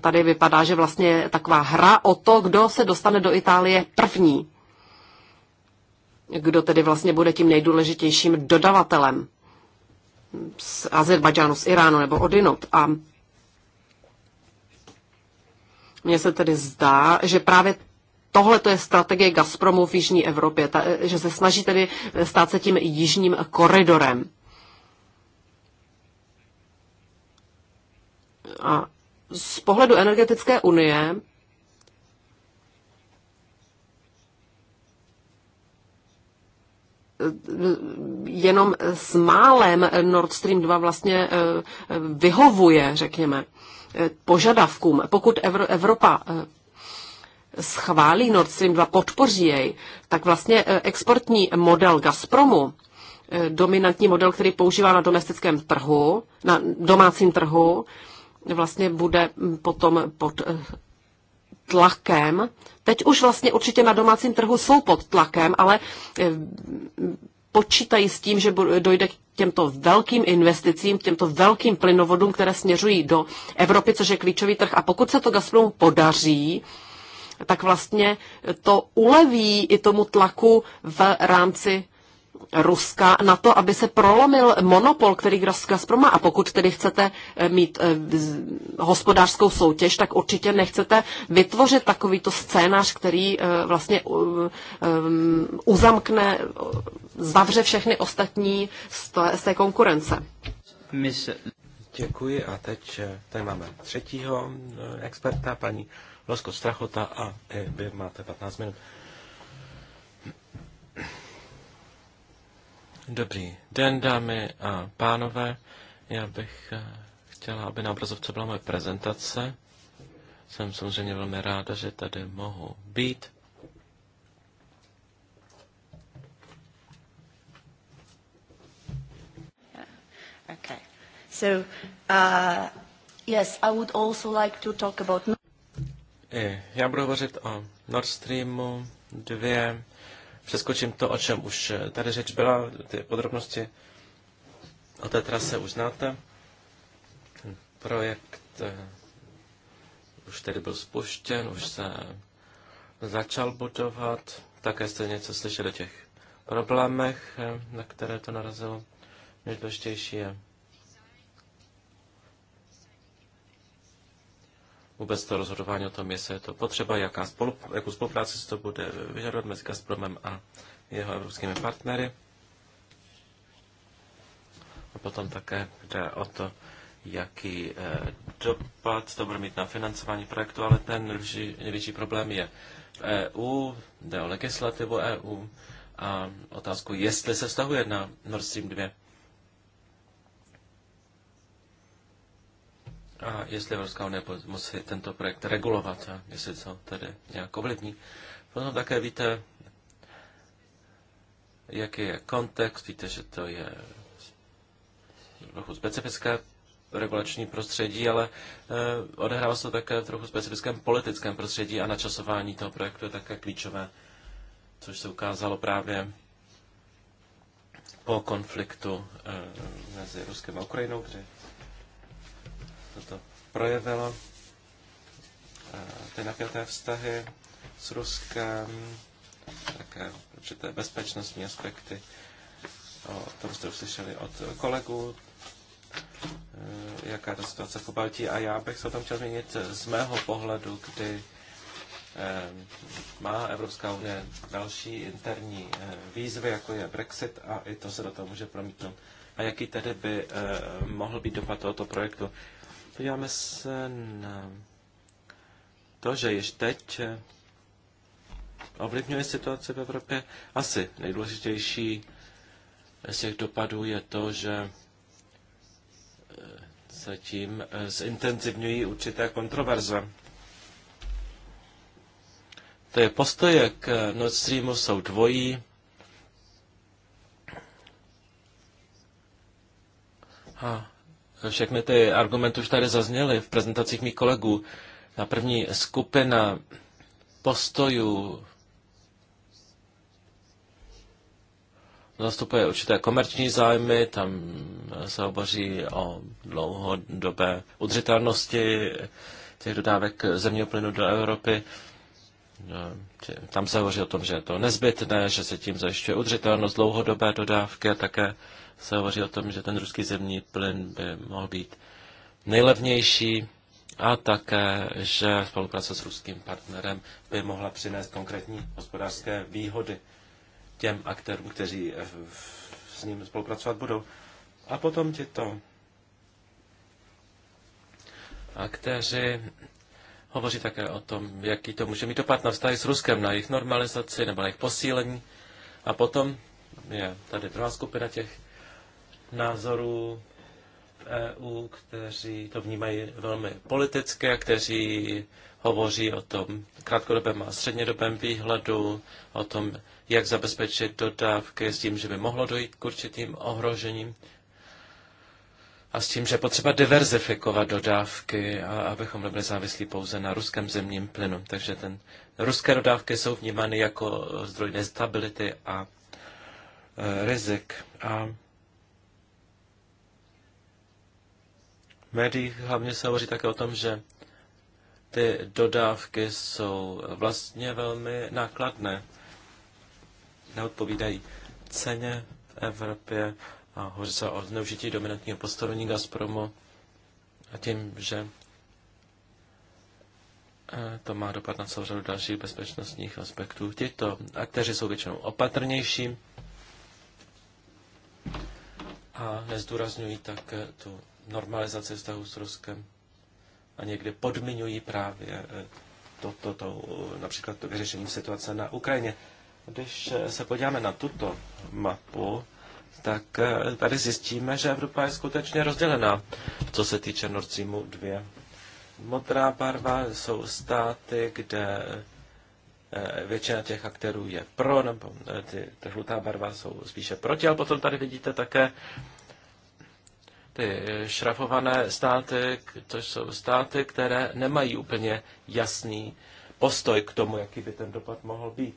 Tady vypadá, že vlastně je taková hra o to, kdo se dostane do Itálie první. Kdo tedy vlastně bude tím nejdůležitějším dodavatelem z Azerbajdžánu, z Iránu nebo odinut. A mně se tedy zdá, že právě tohle to je strategie Gazpromu v Jižní Evropě, ta, že se snaží tedy stát se tím jižním koridorem. A z pohledu energetické unie jenom s málem Nord Stream 2 vlastně eh, vyhovuje, řekněme, eh, požadavkům. Pokud Evropa eh, schválí Nord Stream 2, podpoří jej, tak vlastně exportní model Gazpromu, dominantní model, který používá na domestickém trhu, na domácím trhu, vlastně bude potom pod tlakem. Teď už vlastně určitě na domácím trhu jsou pod tlakem, ale eh, počítají s tím, že dojde k těmto velkým investicím, k těmto velkým plynovodům, které směřují do Evropy, což je klíčový trh. A pokud se to Gazpromu podaří, tak vlastně to uleví i tomu tlaku v rámci Ruska na to, aby se prolomil monopol, který Gazprom má. A pokud tedy chcete eh, mít eh, hospodářskou soutěž, tak určitě nechcete vytvořit takovýto scénář, který eh, vlastně uzamkne, zavře všechny ostatní z té konkurence. Děkuji a teď tady máme třetího experta, paní Losko Strachota a vy máte 15 minut. Dobrý den, dámy a pánové. Já bych eh, chtěla, aby na obrazovce byla moje prezentace. Jsem samozřejmě velmi ráda, že tady mohu být. So, uh, yes, I would also like to talk about... Já budu hovořit o Nord Streamu 2, přeskočím to, o čem už eh, tady řeč byla, ty podrobnosti o té trase už znáte. Ten projekt eh, už tedy byl spuštěn, už se začal budovat. Také jste něco slyšeli o těch problémech, eh, na které to narazilo. Nejdůležitější je vůbec to rozhodování o tom, jestli je to potřeba, jaká spolu, jakou spolupráci se to bude vyžadovat mezi Gazpromem a jeho evropskými partnery. A potom také jde o to, jaký eh, dopad to bude mít na financování projektu, ale ten největší, největší problém je v EU, jde o legislativu EU a otázku, jestli se vztahuje na Nord Stream 2. A jestli Evropská unie musí tento projekt regulovat, a jestli to tedy nějak ovlivní. Potom také víte, jaký je kontext, víte, že to je trochu specifické regulační prostředí, ale eh, odehrává se to také v trochu specifickém politickém prostředí a načasování toho projektu je také klíčové, což se ukázalo právě po konfliktu eh, mezi Ruskem a Ukrajinou, kde to projevilo. Eh, ty napjaté vztahy s Ruskem, také určité bezpečnostní aspekty. O tom jste uslyšeli od kolegů, eh, jaká je ta situace v Baltí. A já bych se o tom chtěl změnit z mého pohledu, kdy eh, má Evropská unie další interní výzvy, jako je Brexit, a i to se do toho může promítnout. A jaký tedy by mohl být dopad tohoto projektu? Podíváme se na to, že již teď ovlivňuje situace v Evropě. Asi nejdůležitější z těch dopadů je to, že se eh, tím eh, zintenzivňují určité kontroverze. To je postoje k Nord Streamu jsou dvojí. A všechny ty argumenty už tady zazněly v prezentacích mých kolegů. Na první skupina postojů zastupuje určité komerční zájmy, tam se hovoří o dlouhodobé udržitelnosti těch dodávek zemního plynu do Evropy. Eh, tam se hovoří o tom, že je to nezbytné, že se tím zajišťuje udržitelnost dlouhodobé dodávky a také se hovoří o tom, že ten ruský zemní plyn by mohl být nejlevnější a také, že spolupráce s ruským partnerem by mohla přinést konkrétní hospodářské výhody těm aktérům, kteří eh, s ním spolupracovat budou. A potom tito aktéři Hovoří také o tom, jaký to může mít dopad na vztahy s Ruskem, na jejich normalizaci nebo na jejich posílení. A potom je tady druhá skupina těch názorů EU, kteří to vnímají velmi politické, kteří hovoří o tom krátkodobém a střednědobém výhledu, o tom, jak zabezpečit dodávky s tím, že by mohlo dojít k určitým ohrožením a s tím, že potřeba diverzifikovat dodávky, a abychom nebyli závislí pouze na ruském zemním plynu. Takže ten ruské dodávky jsou vnímány jako zdroj nestability a e, rizik. A v médiích hlavně se hovoří také o tom, že ty dodávky jsou vlastně velmi nákladné. Neodpovídají ceně v Evropě a hovoří se o zneužití dominantního postavení Gazpromu a tím, že e, to má dopad na celou řadu dalších bezpečnostních aspektů. Tito aktéři jsou většinou opatrnější a nezdůrazňují tak e, tu normalizaci vztahu s Ruskem a někdy podmiňují právě e, to, to, to, například to vyřešení situace na Ukrajině. Když se podíváme na tuto mapu, tak eh, tady zjistíme, že Evropa je skutečně rozdělená, co se týče Nord Streamu 2. Modrá barva jsou státy, kde eh, většina těch aktérů je pro, nebo eh, ty, ta žlutá barva jsou spíše proti, ale potom tady vidíte také ty šrafované státy, což jsou státy, které nemají úplně jasný postoj k tomu, jaký by ten dopad mohl být.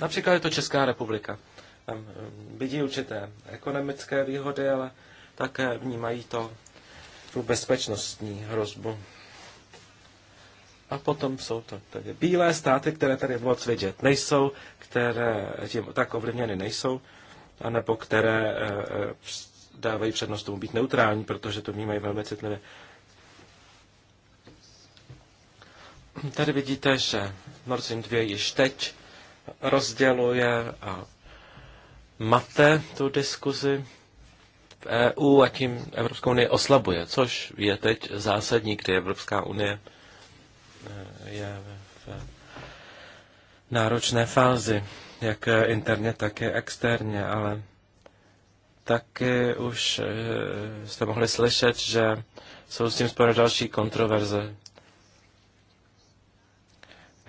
Například je to Česká republika. Tam eh, vidí určité ekonomické výhody, ale také vnímají to tu bezpečnostní hrozbu. A potom jsou to tedy bílé státy, které tady moc vidět nejsou, které tím tak ovlivněny nejsou, anebo které eh, eh, dávají přednost tomu být neutrální, protože to vnímají velmi citlivě. Tady vidíte, že Nord Stream 2 již teď rozděluje a mate tu diskuzi v EU a tím Evropskou unii oslabuje, což je teď zásadní, kdy Evropská unie eh, je v náročné fázi, jak interně, tak i externě, ale taky už eh, jste mohli slyšet, že jsou s tím spojené další kontroverze,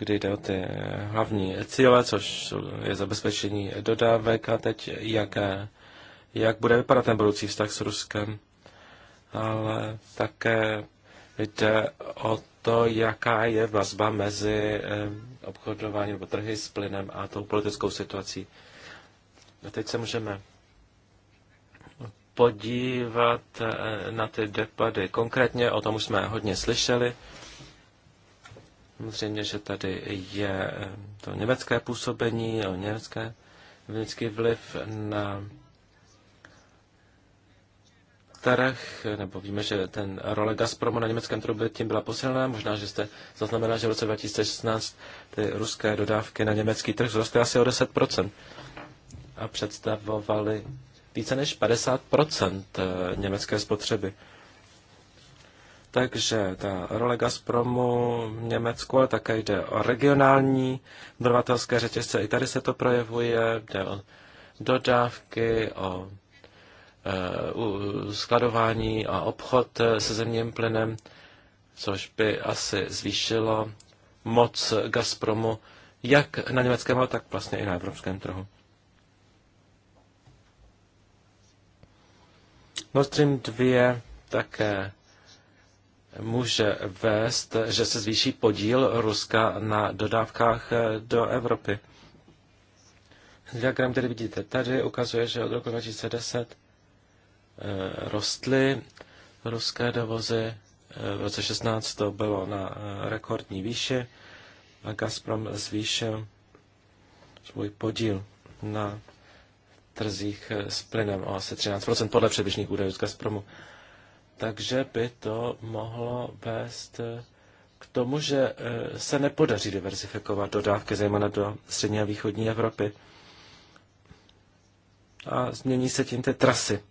kdy jde o ty eh, hlavní cíle, což je zabezpečení dodávek a teď jak, eh, jak bude vypadat ten budoucí vztah s Ruskem. Ale také jde o to, jaká je vazba mezi eh, obchodováním nebo trhy s plynem a tou politickou situací. A teď se můžeme podívat na ty dopady. Konkrétně o tom už jsme hodně slyšeli. Samozřejmě, že tady je eh, to německé působení, no, německé, německý vliv na trh, nebo víme, že ten role Gazpromu na německém trhu by tím byla posilná. Možná, že jste zaznamenali, že v roce 2016 ty ruské dodávky na německý trh vzrostly asi o 10% a představovaly více než 50% eh, německé spotřeby. Takže ta role Gazpromu v Německu, ale také jde o regionální dodavatelské řetězce. I tady se to projevuje, jde o dodávky, o e, skladování a obchod se zemním plynem, což by asi zvýšilo moc Gazpromu jak na německém, ale tak vlastně i na evropském trhu. Nord Stream 2 také může vést, že se zvýší podíl Ruska na dodávkách eh, do Evropy. Diagram, který vidíte tady, ukazuje, že od roku 2010 eh, rostly ruské dovozy. Eh, v roce 16 to bylo na rekordní výši a Gazprom zvýšil svůj podíl na trzích s plynem o asi 13 podle předběžných údajů z Gazpromu takže by to mohlo vést eh, k tomu, že eh, se nepodaří diversifikovat dodávky, zejména do střední a východní Evropy. A změní se tím ty trasy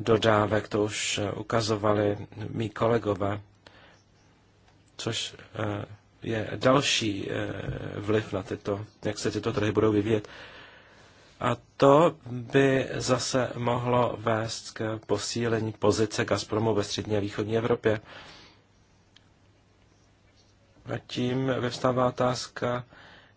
dodávek, to už eh, ukazovali mý kolegové, což je další vliv na tyto, jak se tyto trhy budou vyvíjet. A to by zase mohlo vést k posílení pozice Gazpromu ve střední a východní Evropě. A tím vyvstává otázka,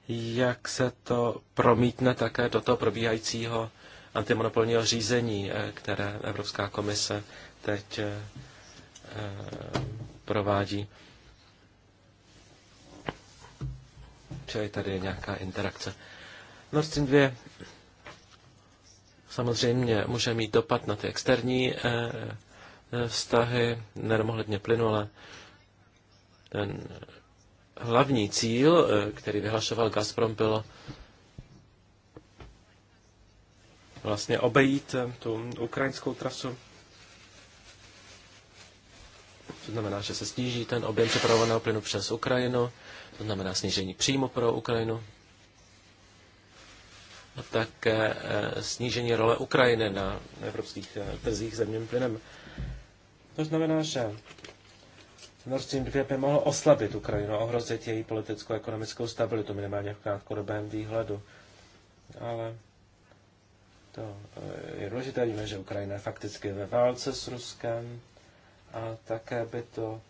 jak se to promítne také do toho probíhajícího antimonopolního řízení, eh, které Evropská komise teď eh, eh, provádí. Čili tady je nějaká interakce. Nord Stream 2 samozřejmě může mít dopad na ty externí eh, eh, vztahy, nejenom ohledně plynu, ale ten hlavní cíl, eh, který vyhlašoval Gazprom, byl vlastně obejít tu ukrajinskou trasu. To znamená, že se sníží ten objem přepravovaného plynu přes Ukrajinu, to znamená snížení příjmu pro Ukrajinu, a také eh, snížení role Ukrajiny na evropských eh, trzích zemním plynem. To znamená, že Nord Stream 2 by mohlo oslabit Ukrajinu, ohrozit její politickou a ekonomickou stabilitu, minimálně v krátkodobém výhledu. Ale to eh, je důležité, víme, že Ukrajina je fakticky ve válce s Ruskem a také by to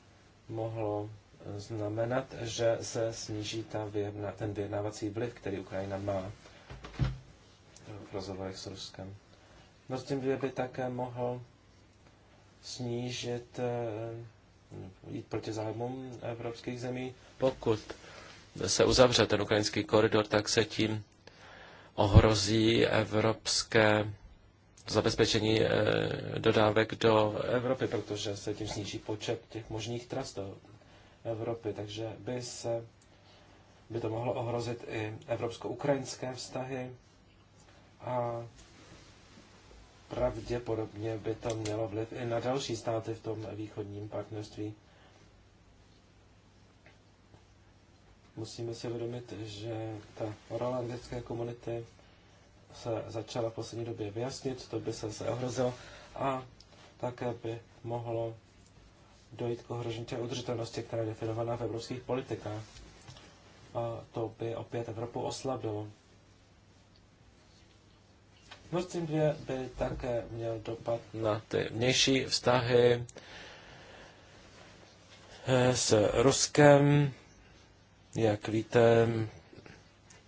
mohlo znamenat, že se sníží ta vyjedna, ten vyjednávací vliv, který Ukrajina má v rozhovorech s Ruskem. Nord Stream 2 by také mohl snížit, eh, jít proti zájmům evropských zemí. Pokud se uzavře ten ukrajinský koridor, tak se tím ohrozí evropské zabezpečení eh, dodávek do Evropy, protože se tím sníží počet těch možných tras do Evropy, takže by se by to mohlo ohrozit i evropsko-ukrajinské vztahy a pravděpodobně by to mělo vliv i na další státy v tom východním partnerství. Musíme si uvědomit, že ta role anglické komunity se začala v poslední době vyjasnit, to by se, se ohrozilo a také by mohlo dojít k ohrožení té udržitelnosti, která je definovaná v evropských politikách. A to by opět Evropu oslabilo. Nord Stream by také měl dopad na ty vnější vztahy eh, s Ruskem. Jak víte,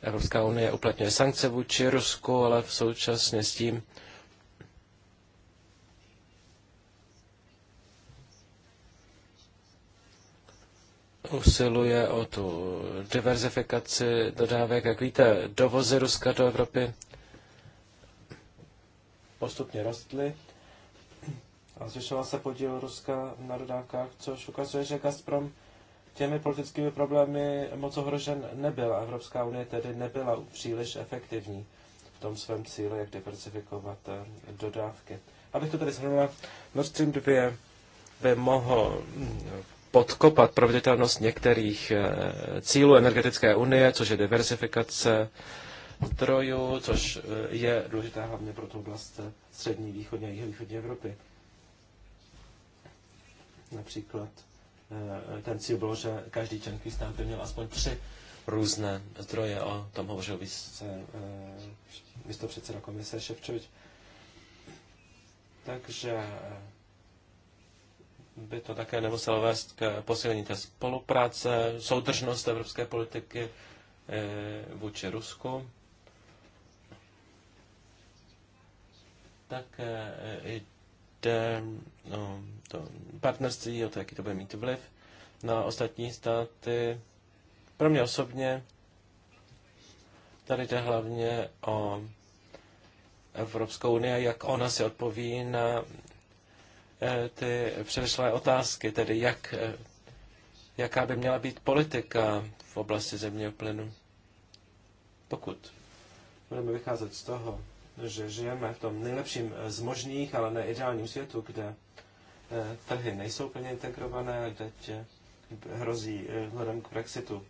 Evropská unie uplatňuje sankce vůči Rusku, ale v současně s tím usiluje o tu diverzifikaci dodávek. Jak víte, dovozy Ruska do Evropy postupně rostly a zvyšoval se podíl Ruska na dodávkách, což ukazuje, že Gazprom těmi politickými problémy moc ohrožen nebyl a Evropská unie tedy nebyla příliš efektivní v tom svém cíli, jak diversifikovat eh, dodávky. Abych to tedy zhrnula, Nord Stream 2 by mohl mm, podkopat proveditelnost některých eh, cílů energetické unie, což je diversifikace zdrojů, což eh, je důležité hlavně pro tu oblast eh, střední, východní a jihovýchodní Evropy. Například eh, ten cíl byl, že každý členský stát by měl aspoň tři různé zdroje. O tom hovořil místo předseda komise Ševčovič. Takže by to také nemuselo vést k posílení té spolupráce, soudržnost evropské politiky vůči Rusku. Tak eh, eh, jde no, to partnerství, o to, jaký to bude mít vliv na ostatní státy. Pro mě osobně tady jde hlavně o Evropskou unii a jak ona si odpoví na eh, ty předešlé otázky, tedy jak, jaká by měla být politika v oblasti země plynu. Pokud budeme vycházet z toho, že žijeme v tom nejlepším z možných, ale neideálním světu, kde eh, trhy nejsou plně integrované, kde tě hrozí eh, vzhledem k Brexitu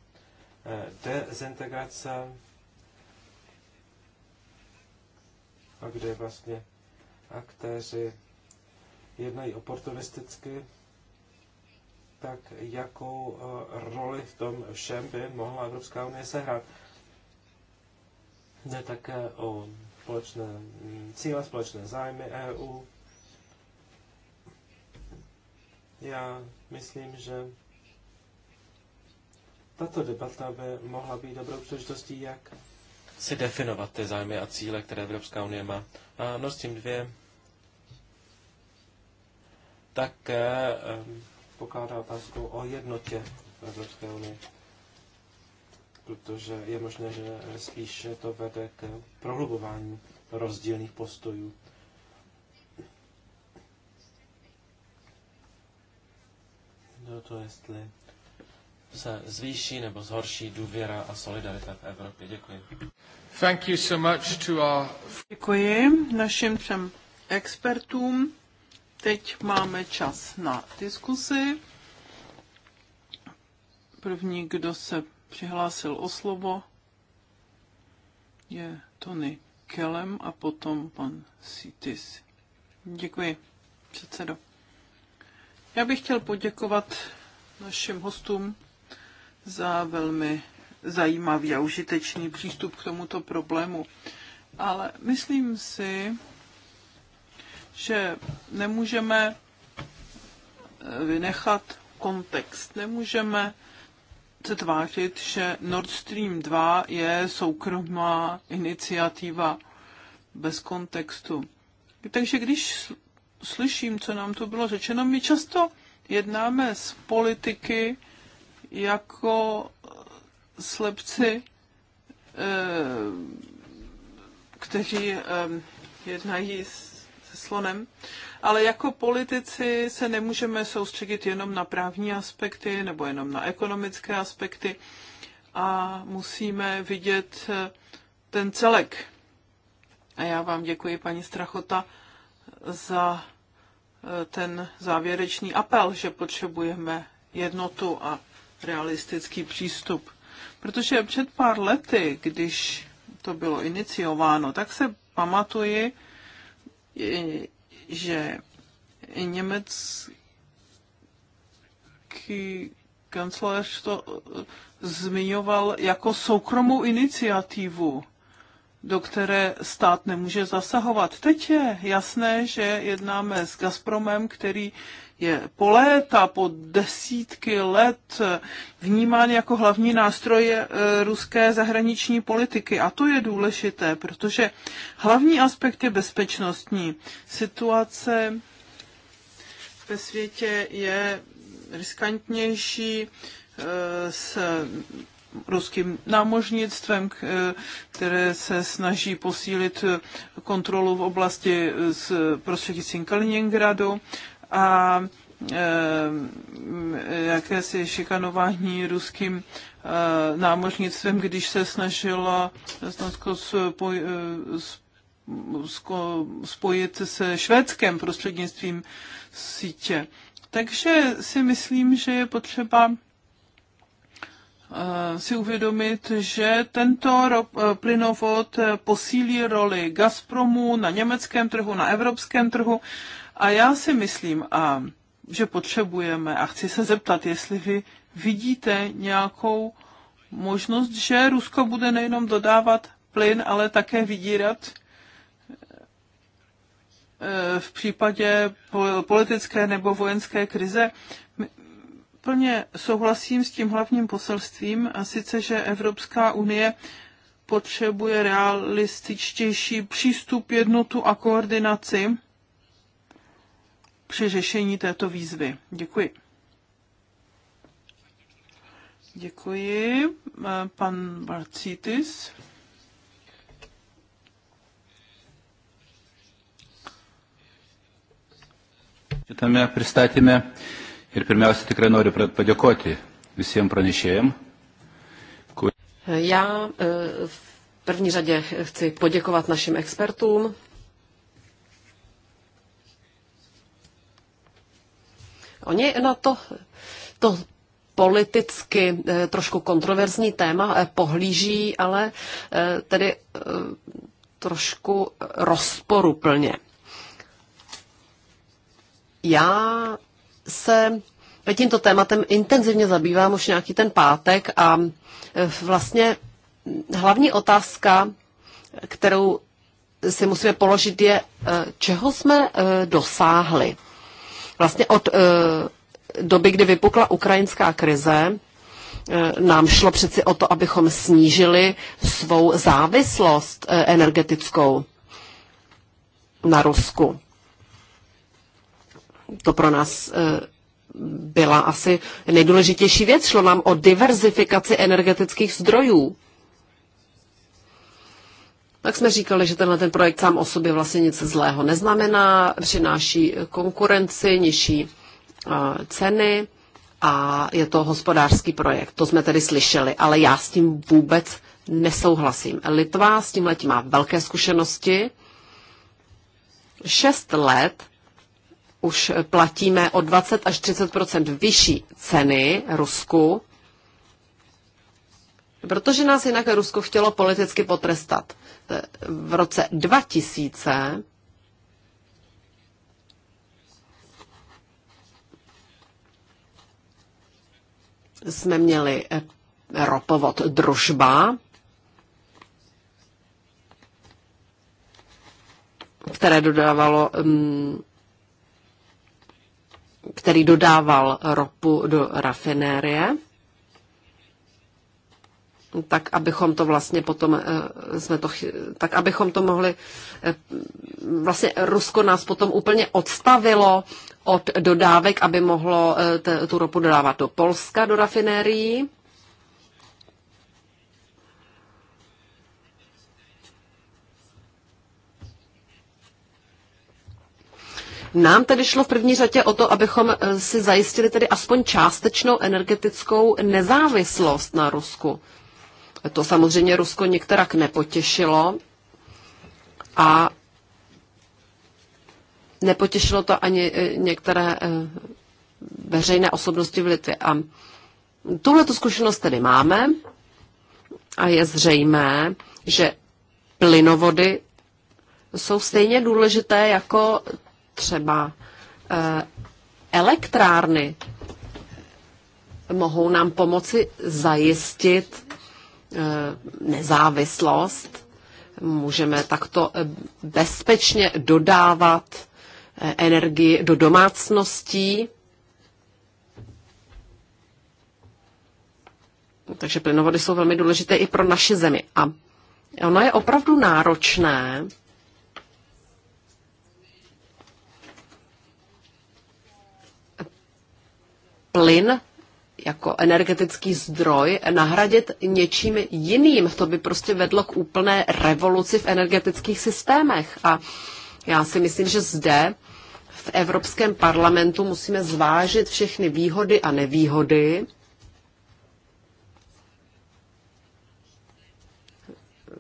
eh, dezintegrace a kde vlastně aktéři jednají oportunisticky, tak jakou roli v tom všem by mohla Evropská unie sehrát. Jde také o společné mm, cíle, společné zájmy EU. Já myslím, že tato debata by mohla být dobrou příležitostí, jak si definovat ty zájmy a cíle, které Evropská unie má. A no s tím tak také ehm, pokládá otázku o jednotě Evropské unie protože je možné, že spíše to vede k prohlubování rozdílných postojů. No to jestli se zvýší nebo zhorší důvěra a solidarita v Evropě. Děkuji. Thank you so much to our... Děkuji našim třem expertům. Teď máme čas na diskusi. První, kdo se přihlásil o slovo, je Tony Kelem a potom pan Sitis. Děkuji, předsedo. Já bych chtěl poděkovat našim hostům za velmi zajímavý a užitečný přístup k tomuto problému. Ale myslím si, že nemůžeme vynechat kontext. Nemůžeme se tvářit, že Nord Stream 2 je soukromá iniciativa bez kontextu. Takže když slyším, co nám tu bylo řečeno, my často jednáme s politiky jako eh, slepci, eh, kteří eh, jednají s se slonem, ale jako politici se nemůžeme soustředit jenom na právní aspekty nebo jenom na ekonomické aspekty a musíme vidět eh, ten celek. A já vám děkuji, paní Strachota, za eh, ten závěrečný apel, že potřebujeme jednotu a realistický přístup. Protože před pár lety, když to bylo iniciováno, tak se pamatuji, že německý kancelář to eh, zmiňoval jako soukromou iniciativu, do které stát nemůže zasahovat. Teď je jasné, že jednáme s Gazpromem, který je po léta, po desítky let vnímán jako hlavní nástroj eh, ruské zahraniční politiky. A to je důležité, protože hlavní aspekt je bezpečnostní. Situace ve světě je riskantnější eh, s ruským námožnictvem, eh, které se snaží posílit kontrolu v oblasti z prostřednictvím Kaliningradu a eh, jakési šikanování ruským eh, námořnictvem, když se snažilo jako Estonsko eh, spojit se Švédskem prostřednictvím sítě. Takže si myslím, že je potřeba si uvědomit, že tento plynovod posílí roli Gazpromu na německém trhu, na evropském trhu a já si myslím, a, že potřebujeme, a chci se zeptat, jestli vy vidíte nějakou možnost, že Rusko bude nejenom dodávat plyn, ale také vydírat e, v případě politické nebo vojenské krize. Plně souhlasím s tím hlavním poselstvím, a sice, že Evropská unie potřebuje realističtější přístup, jednotu a koordinaci při řešení této výzvy. Děkuji. Děkuji. Eh, pan Barcitis. Šitame pristatyme ir pirmiausia tikrai noriu padėkoti visiems pranešėjim. Já eh, v první řadě chci poděkovat našim expertům, Oni na to, to politicky eh, trošku kontroverzní téma eh, pohlíží, ale eh, tedy trošku rozporuplně. Já se tímto tématem intenzivně zabývám už nějaký ten pátek a vlastně hlavní otázka, kterou si musíme položit, je, čeho jsme dosáhli vlastně od eh, doby, kdy vypukla ukrajinská krize, eh, nám šlo přeci o to, abychom snížili svou závislost eh, energetickou na Rusku. To pro nás byla asi nejdůležitější věc. Šlo nám o diverzifikaci energetických zdrojů tak jsme říkali, že tenhle ten projekt sám o sobě vlastně nic zlého neznamená, přináší konkurenci, nižší eh, ceny a je to hospodářský projekt. To jsme tedy slyšeli, ale já s tím vůbec nesouhlasím. Litva s tím letím má velké zkušenosti. Šest let už platíme o 20 až 30 vyšší ceny Rusku, protože nás jinak Rusko chtělo politicky potrestat v roce 2000 jsme měli eh, ropovod Družba, které dodávalo, mm, který dodával ropu do rafinérie tak abychom to vlastně potom eh, jsme to, tak abychom to mohli, eh, vlastně Rusko nás potom úplně odstavilo od dodávek, aby mohlo eh, tu ropu dodávat do Polska, do rafinérií. Nám tedy šlo v první řadě o to, abychom si zajistili tedy aspoň částečnou energetickou nezávislost na Rusku. To samozřejmě Rusko některak nepotěšilo a nepotěšilo to ani e, některé e, veřejné osobnosti v Litvě. A tuhle zkušenost tedy máme a je zřejmé, že plynovody jsou stejně důležité jako třeba e, elektrárny. Mohou nám pomoci zajistit Eh, nezávislost. Můžeme takto eh, bezpečně dodávat eh, energii do domácností. Takže plynovody jsou velmi důležité i pro naše zemi. A ono je opravdu náročné plyn jako energetický zdroj nahradit něčím jiným. To by prostě vedlo k úplné revoluci v energetických systémech. A já si myslím, že zde v Evropském parlamentu musíme zvážit všechny výhody a nevýhody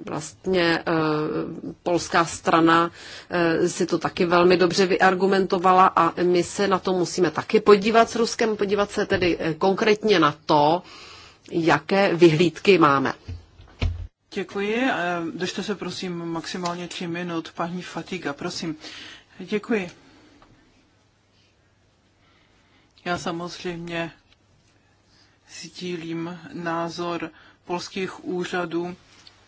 vlastně eh, polská strana eh, si to taky velmi dobře vyargumentovala a my se na to musíme taky podívat s Ruskem, podívat se tedy eh, konkrétně na to, jaké vyhlídky máme. Děkuji. Držte se prosím maximálně tři minut. Paní Fatiga, prosím. Děkuji. Já samozřejmě sdílím názor polských úřadů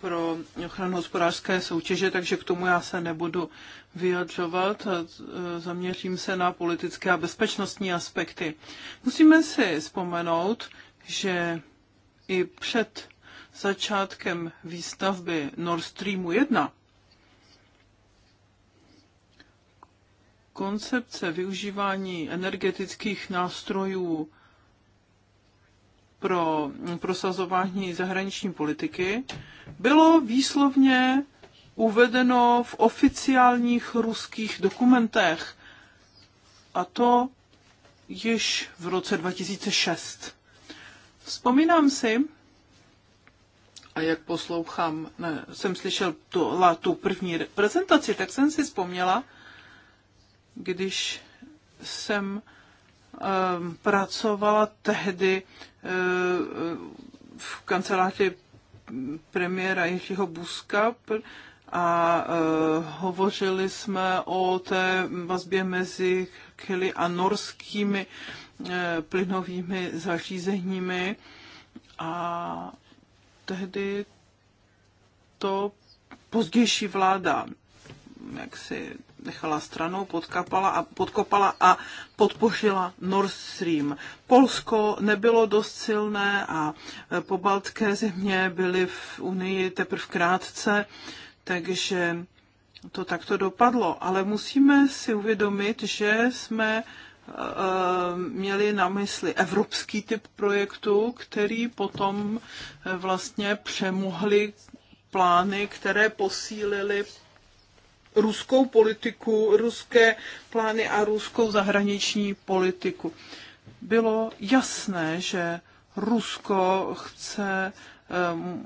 pro ochranu hospodářské soutěže, takže k tomu já se nebudu vyjadřovat. Zaměřím se na politické a bezpečnostní aspekty. Musíme si vzpomenout, že i před začátkem výstavby Nord Streamu 1 koncepce využívání energetických nástrojů pro prosazování zahraniční politiky bylo výslovně uvedeno v oficiálních ruských dokumentech. A to již v roce 2006. Vzpomínám si, a jak poslouchám, ne, jsem slyšel tu, la, tu první prezentaci, tak jsem si vzpomněla, když jsem um, pracovala tehdy v kanceláři premiéra Jiřího Buska a e, hovořili jsme o té vazbě mezi Kelly a norskými e, plynovými zařízeními a tehdy to pozdější vláda jak si nechala stranou, podkapala a, podkopala a podpořila Nord Stream. Polsko nebylo dost silné a e, pobaltské země byly v Unii teprve krátce, takže to takto dopadlo. Ale musíme si uvědomit, že jsme e, e, měli na mysli evropský typ projektu, který potom vlastně přemohli plány, které posílily ruskou politiku, ruské plány a ruskou zahraniční politiku. Bylo jasné, že Rusko chce eh,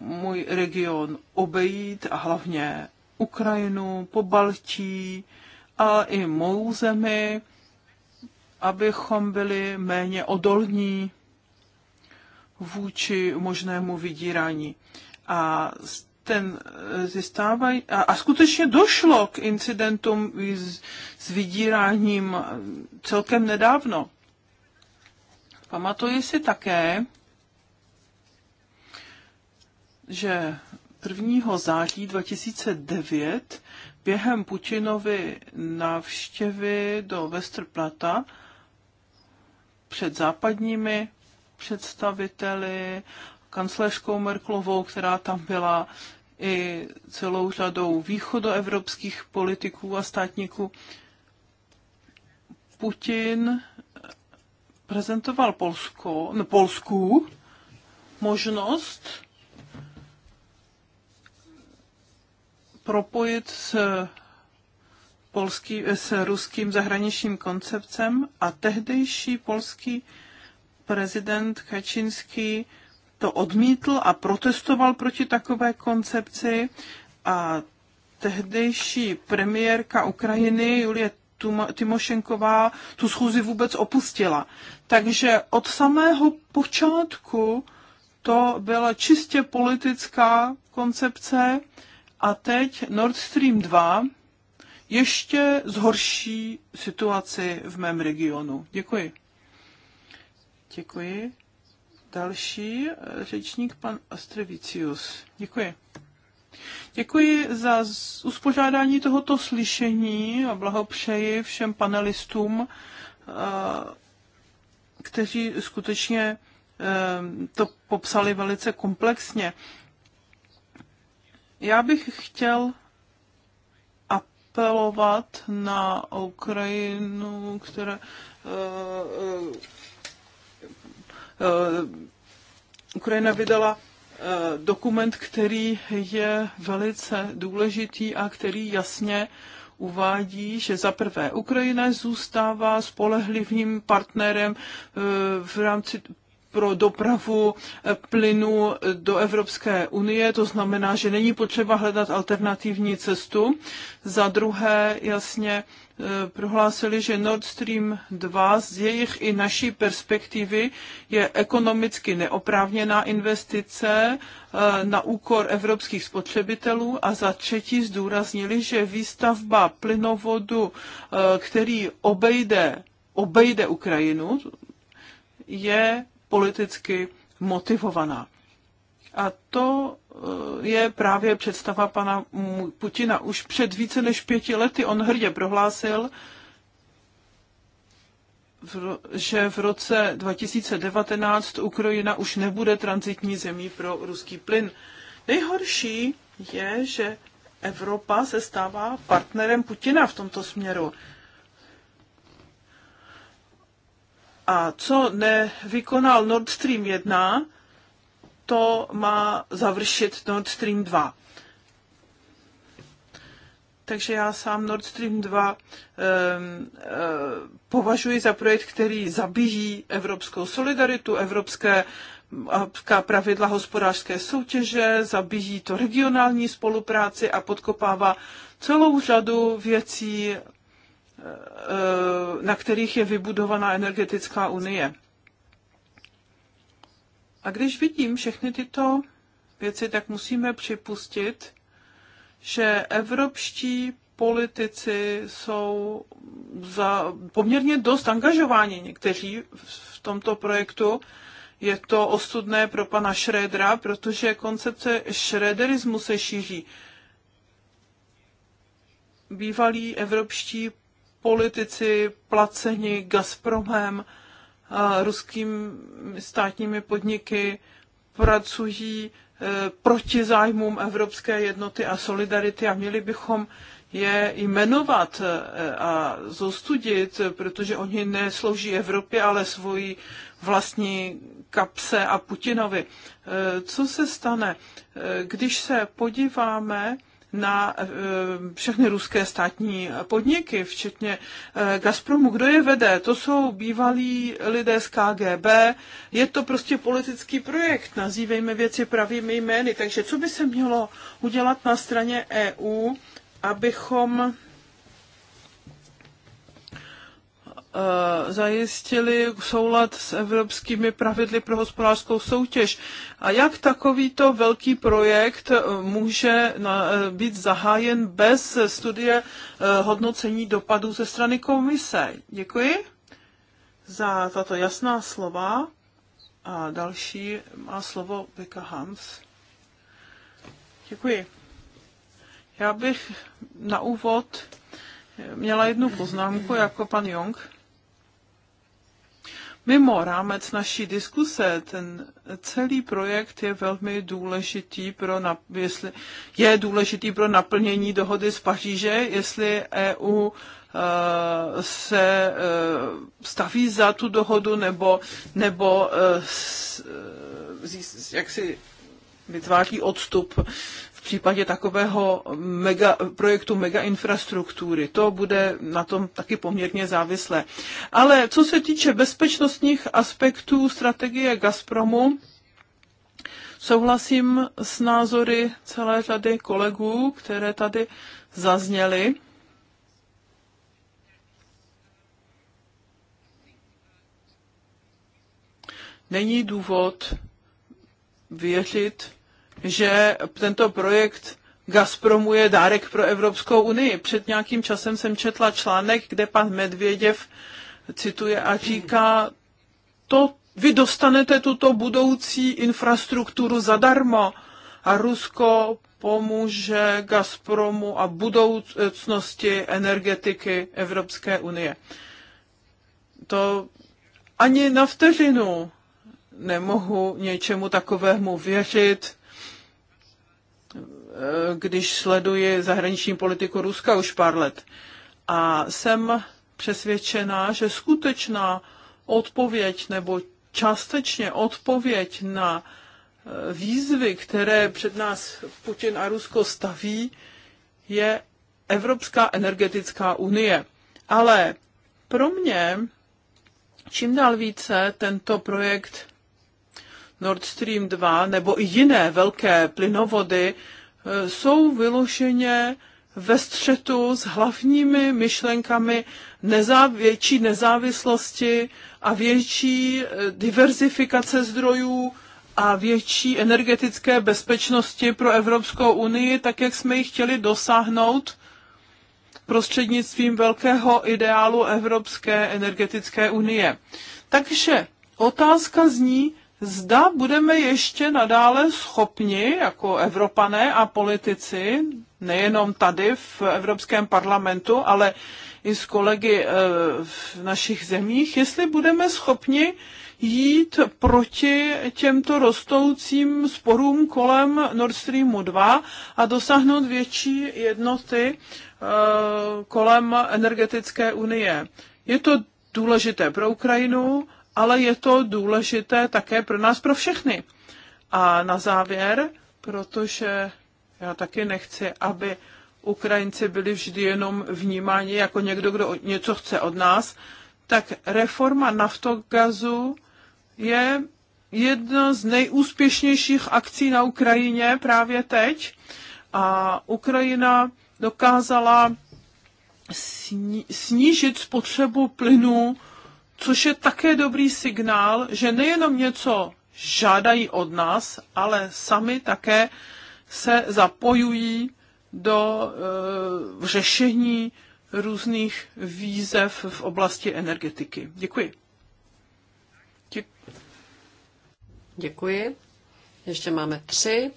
můj region obejít a hlavně Ukrajinu, po Baltí a i mou zemi, abychom byli méně odolní vůči možnému vydírání. A z ten eh, zjistávaj... a, a skutečně došlo k incidentům s, s vydíráním eh, celkem nedávno. Pamatuji si také, že 1. září 2009 během Putinovy návštěvy do Westerplata před západními představiteli, kancléřkou Merklovou, která tam byla, i celou řadou východoevropských politiků a státníků. Putin prezentoval Polsko, no, Polsku možnost propojit s, polský, s ruským zahraničním koncepcem a tehdejší polský prezident Kačinský to odmítl a protestoval proti takové koncepci a tehdejší premiérka Ukrajiny Julie Timošenková tu schůzi vůbec opustila. Takže od samého počátku to byla čistě politická koncepce a teď Nord Stream 2 ještě zhorší situaci v mém regionu. Děkuji. Děkuji. Další eh, řečník, pan Astrevicius. Děkuji. Děkuji za uspořádání tohoto slyšení a blahopřeji všem panelistům, eh, kteří skutečně eh, to popsali velice komplexně. Já bych chtěl apelovat na Ukrajinu, která Eh, Ukrajina vydala eh, dokument, který je velice důležitý a který jasně uvádí, že za prvé Ukrajina zůstává spolehlivým partnerem eh, v rámci pro dopravu eh, plynu eh, do Evropské unie, to znamená, že není potřeba hledat alternativní cestu. Za druhé, jasně, eh, prohlásili, že Nord Stream 2 z jejich i naší perspektivy je ekonomicky neoprávněná investice na úkor evropských spotřebitelů a za třetí zdůraznili, že výstavba plynovodu, který obejde, obejde Ukrajinu, je politicky motivovaná. A to eh, je právě představa pana Putina. Už před více než pěti lety on hrdě prohlásil, že v roce 2019 Ukrajina už nebude transitní zemí pro ruský plyn. Nejhorší je, že Evropa se stává partnerem Putina v tomto směru. A co nevykonal Nord Stream 1, to má završit Nord Stream 2. Takže já sám Nord Stream 2 eh, eh, považuji za projekt, který zabíjí evropskou solidaritu, evropské pravidla hospodářské soutěže, zabíjí to regionální spolupráci a podkopává celou řadu věcí Eh, na kterých je vybudovaná energetická unie. A když vidím všechny tyto věci, tak musíme připustit, že evropští politici jsou za poměrně dost angažováni někteří v tomto projektu. Je to ostudné pro pana Schrödera, protože koncepce šrederismu se šíří. Bývalí evropští politici placeni Gazpromem, ruskými státními podniky, pracují e, proti zájmům evropské jednoty a solidarity a měli bychom je jmenovat e, a zostudit, protože oni neslouží Evropě, ale svoji vlastní kapse a Putinovi. E, co se stane, když se podíváme na eh, všechny ruské státní podniky, včetně eh, Gazpromu. Kdo je vede? To jsou bývalí lidé z KGB. Je to prostě politický projekt, nazývejme věci pravými jmény. Takže co by se mělo udělat na straně EU, abychom Eh, zajistili soulad s evropskými pravidly pro hospodářskou soutěž. A jak takovýto velký projekt eh, může eh, být zahájen bez studie hodnocení dopadů ze strany komise? Děkuji za tato jasná slova. A další má slovo Vika Hans. Děkuji. Já bych na úvod měla jednu poznámku jako pan Jong mimo rámec naší diskuse. Ten celý projekt je velmi důležitý pro, na, jestli, je důležitý pro naplnění dohody z Paříže, jestli EU eh, se eh, staví za tu dohodu nebo, nebo eh, jak si vytváří odstup v případě takového mega, projektu mega infrastruktury. To bude na tom taky poměrně závislé. Ale co se týče bezpečnostních aspektů strategie Gazpromu, souhlasím s názory celé řady kolegů, které tady zazněly. Není důvod věřit že tento projekt Gazpromu je dárek pro Evropskou unii. Před nějakým časem jsem četla článek, kde pan Medvěděv cituje a říká, to vy dostanete tuto budoucí infrastrukturu zadarmo a Rusko pomůže Gazpromu a budoucnosti energetiky Evropské unie. To ani na vteřinu nemohu něčemu takovému věřit Eh, když sleduji zahraniční politiku Ruska už pár let. A jsem přesvědčená, že skutečná odpověď nebo částečně odpověď na eh, výzvy, které před nás Putin a Rusko staví, je Evropská energetická unie. Ale pro mě čím dál více tento projekt Nord Stream 2 nebo i jiné velké plynovody Eh, jsou vyloženě ve střetu s hlavními myšlenkami nezáv- větší nezávislosti a větší eh, diverzifikace zdrojů a větší energetické bezpečnosti pro Evropskou unii, tak jak jsme ji chtěli dosáhnout prostřednictvím velkého ideálu Evropské energetické unie. Takže otázka zní, zda budeme ještě nadále schopni, jako Evropané a politici, nejenom tady v Evropském parlamentu, ale i s kolegy eh, v našich zemích, jestli budeme schopni jít proti těmto rostoucím sporům kolem Nord Streamu 2 a dosáhnout větší jednoty eh, kolem energetické unie. Je to důležité pro Ukrajinu, ale je to důležité také pro nás, pro všechny. A na závěr, protože já taky nechci, aby Ukrajinci byli vždy jenom vnímáni jako někdo, kdo něco chce od nás, tak reforma naftogazu je jedna z nejúspěšnějších akcí na Ukrajině právě teď. A Ukrajina dokázala snížit spotřebu plynu což je také dobrý signál, že nejenom něco žádají od nás, ale sami také se zapojují do e, řešení různých výzev v oblasti energetiky. Děkuji. Dě- Děkuji. Ještě máme tři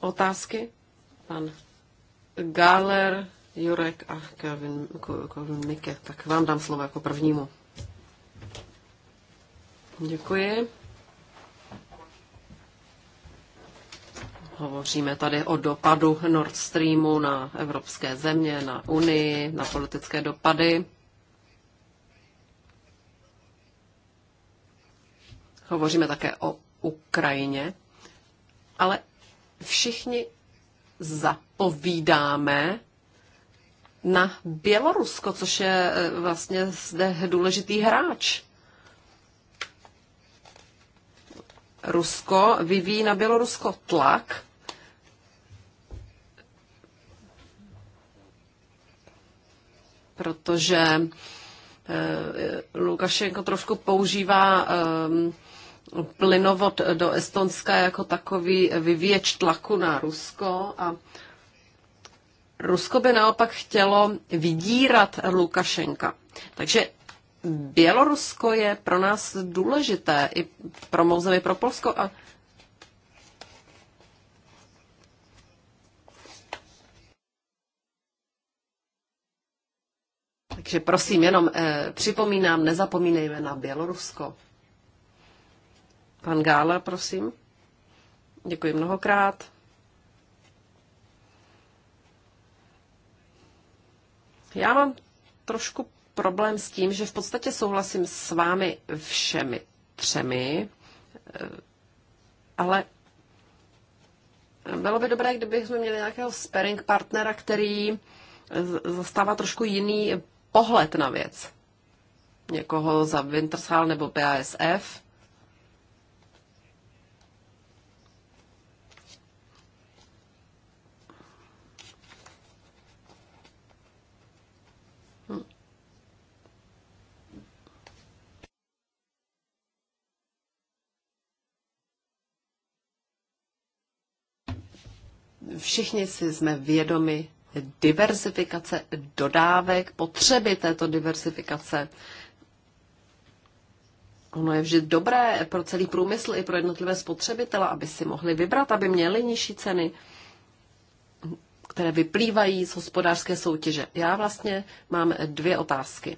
otázky. Pan Galer, Jurek a Kevin, Kevin Mike. Tak vám dám slovo jako prvnímu. Děkuji. Hovoříme tady o dopadu Nord Streamu na evropské země, na Unii, na politické dopady. Hovoříme také o Ukrajině, ale všichni zapovídáme na Bělorusko, což je eh, vlastně zde důležitý hráč. Rusko vyvíjí na Bělorusko tlak, protože eh, Lukašenko trošku používá ehm, plynovod do Estonska jako takový vyvěč tlaku na Rusko a Rusko by naopak chtělo vydírat Lukašenka. Takže Bělorusko je pro nás důležité, i pro mou pro Polsko. A Takže prosím, jenom eh, připomínám, nezapomínejme na Bělorusko. Pan Gála, prosím. Děkuji mnohokrát. Já mám trošku problém s tím, že v podstatě souhlasím s vámi všemi třemi, eh, ale bylo by dobré, kdybychom měli nějakého sparing partnera, který zastává trošku jiný pohled na věc. Někoho za Wintershall nebo BASF. všichni si jsme vědomi diversifikace dodávek, potřeby této diversifikace. Ono je vždy dobré pro celý průmysl i pro jednotlivé spotřebitele, aby si mohli vybrat, aby měli nižší ceny, které vyplývají z hospodářské soutěže. Já vlastně mám dvě otázky.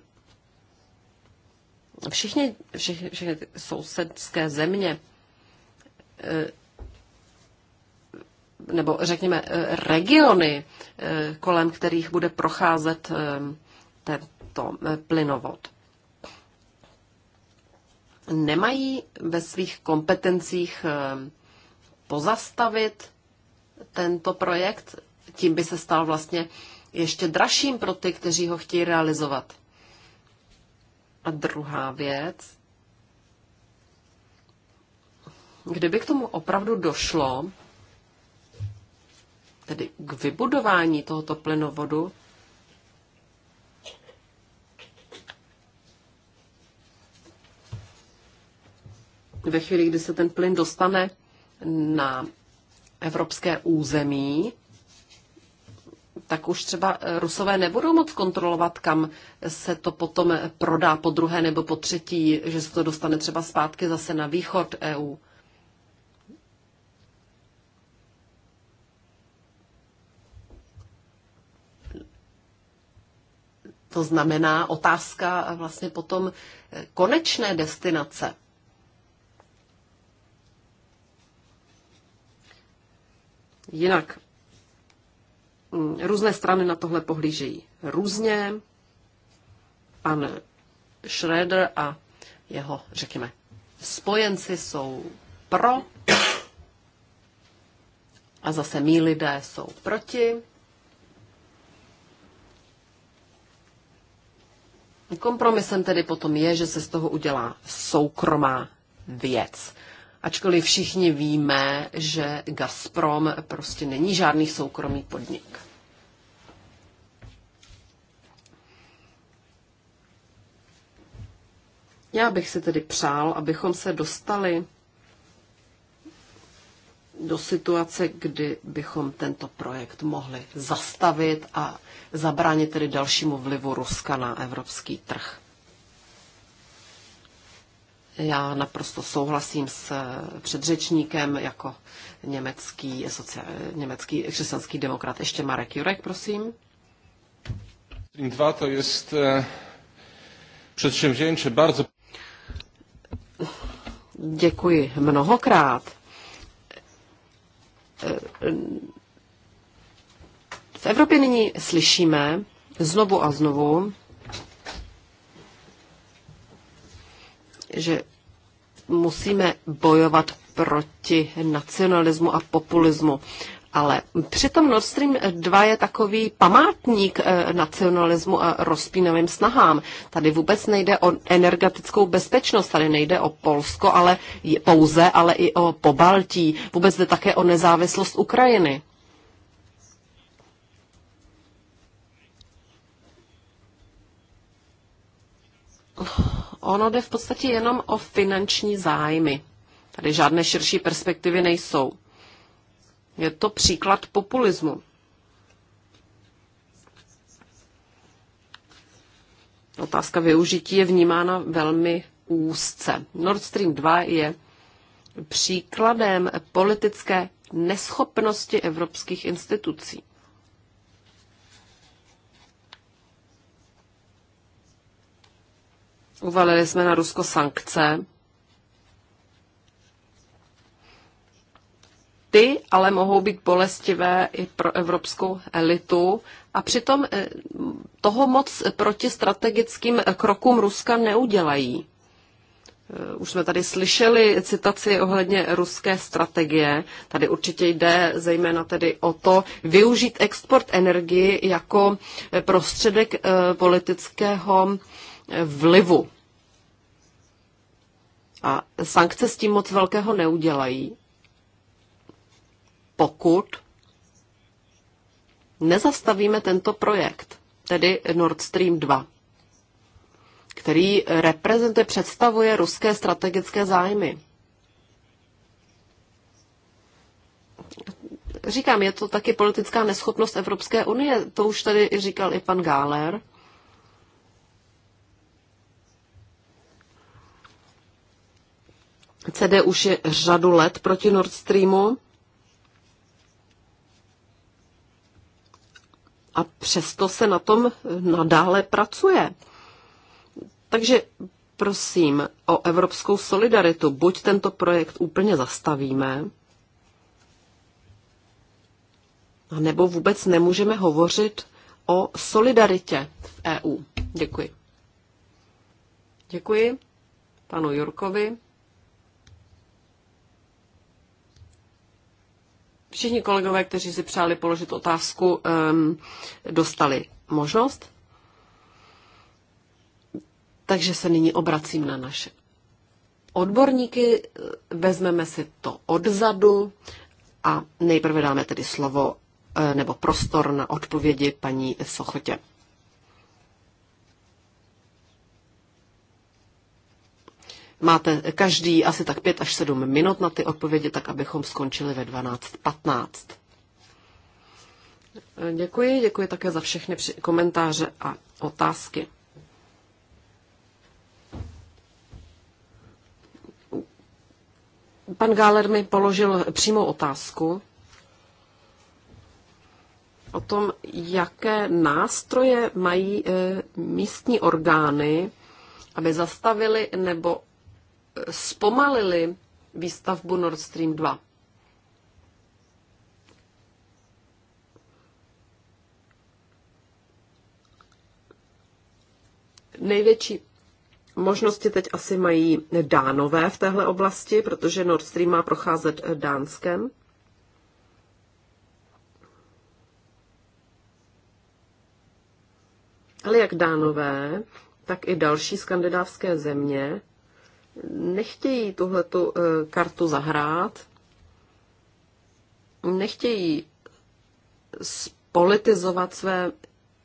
Všichni, všichni, všichni sousedské země eh, nebo řekněme eh, regiony, eh, kolem kterých bude procházet eh, tento plynovod, nemají ve svých kompetencích pozastavit tento projekt, tím by se stal vlastně ještě dražším pro ty, kteří ho chtějí realizovat. A druhá věc, kdyby k tomu opravdu došlo, tedy k vybudování tohoto plynovodu, ve chvíli, kdy se ten plyn dostane na evropské území, tak už třeba eh, Rusové nebudou moc kontrolovat, kam se to potom prodá po druhé nebo po třetí, že se to dostane třeba zpátky zase na východ EU. To znamená otázka vlastně potom eh, konečné destinace. Jinak mm, různé strany na tohle pohlížejí různě. Pan Schroeder a jeho, řekněme, spojenci jsou pro a zase mý lidé jsou proti. Kompromisem tedy potom je, že se z toho udělá soukromá věc. Ačkoliv všichni víme, že Gazprom prostě není žádný soukromý podnik. Já bych si tedy přál, abychom se dostali do situace, kdy bychom tento projekt mohli zastavit a zabránit tedy dalšímu vlivu Ruska na evropský trh. Já naprosto souhlasím s předřečníkem jako německý, sociál, německý křesťanský demokrat. Ještě Marek Jurek, prosím. Stream 2 to je e, przedsięwzięcie bardzo... Děkuji mnohokrát v Evropě nyní slyšíme znovu a znovu, že musíme bojovat proti nacionalismu a populismu. Ale přitom Nord Stream 2 je takový památník eh, nacionalismu a rozpínavým snahám. Tady vůbec nejde o energetickou bezpečnost, tady nejde o Polsko, ale pouze, ale i o Pobaltí. Vůbec jde také o nezávislost Ukrajiny. Ono jde v podstatě jenom o finanční zájmy. Tady žádné širší perspektivy nejsou. Je to příklad populismu. Otázka využití je vnímána velmi úzce. Nord Stream 2 je příkladem politické neschopnosti evropských institucí. Uvalili jsme na Rusko sankce, ty ale mohou být bolestivé i pro evropskou elitu. A přitom eh, toho moc proti strategickým eh, krokům Ruska neudělají. Eh, už jsme tady slyšeli citaci ohledně ruské strategie. Tady určitě jde zejména tedy o to využít export energii jako prostředek politického vlivu. A sankce s tím moc velkého neudělají pokud nezastavíme tento projekt, tedy Nord Stream 2, který reprezentuje, představuje ruské strategické zájmy. Říkám, je to taky politická neschopnost Evropské unie, to už tady říkal i pan Gáler. CD už je řadu let proti Nord Streamu. a přesto se na tom nadále pracuje. Takže prosím o evropskou solidaritu. Buď tento projekt úplně zastavíme, a nebo vůbec nemůžeme hovořit o solidaritě v EU. Děkuji. Děkuji panu Jurkovi. Všichni kolegové, kteří si přáli položit otázku, dostali možnost. Takže se nyní obracím na naše odborníky. Vezmeme si to odzadu a nejprve dáme tedy slovo eh, nebo prostor na odpovědi paní Sochotě. Máte každý asi tak 5 až 7 minut na ty odpovědi, tak abychom skončili ve 12.15. Děkuji, děkuji také za všechny komentáře a otázky. Pan Gáler mi položil přímou otázku o tom, jaké nástroje mají e, místní orgány, aby zastavili nebo zpomalili výstavbu Nord Stream 2. Největší možnosti teď asi mají dánové v téhle oblasti, protože Nord Stream má procházet Dánskem. Ale jak dánové, tak i další skandinávské země nechtějí tuhletu eh, kartu zahrát, nechtějí spolitizovat své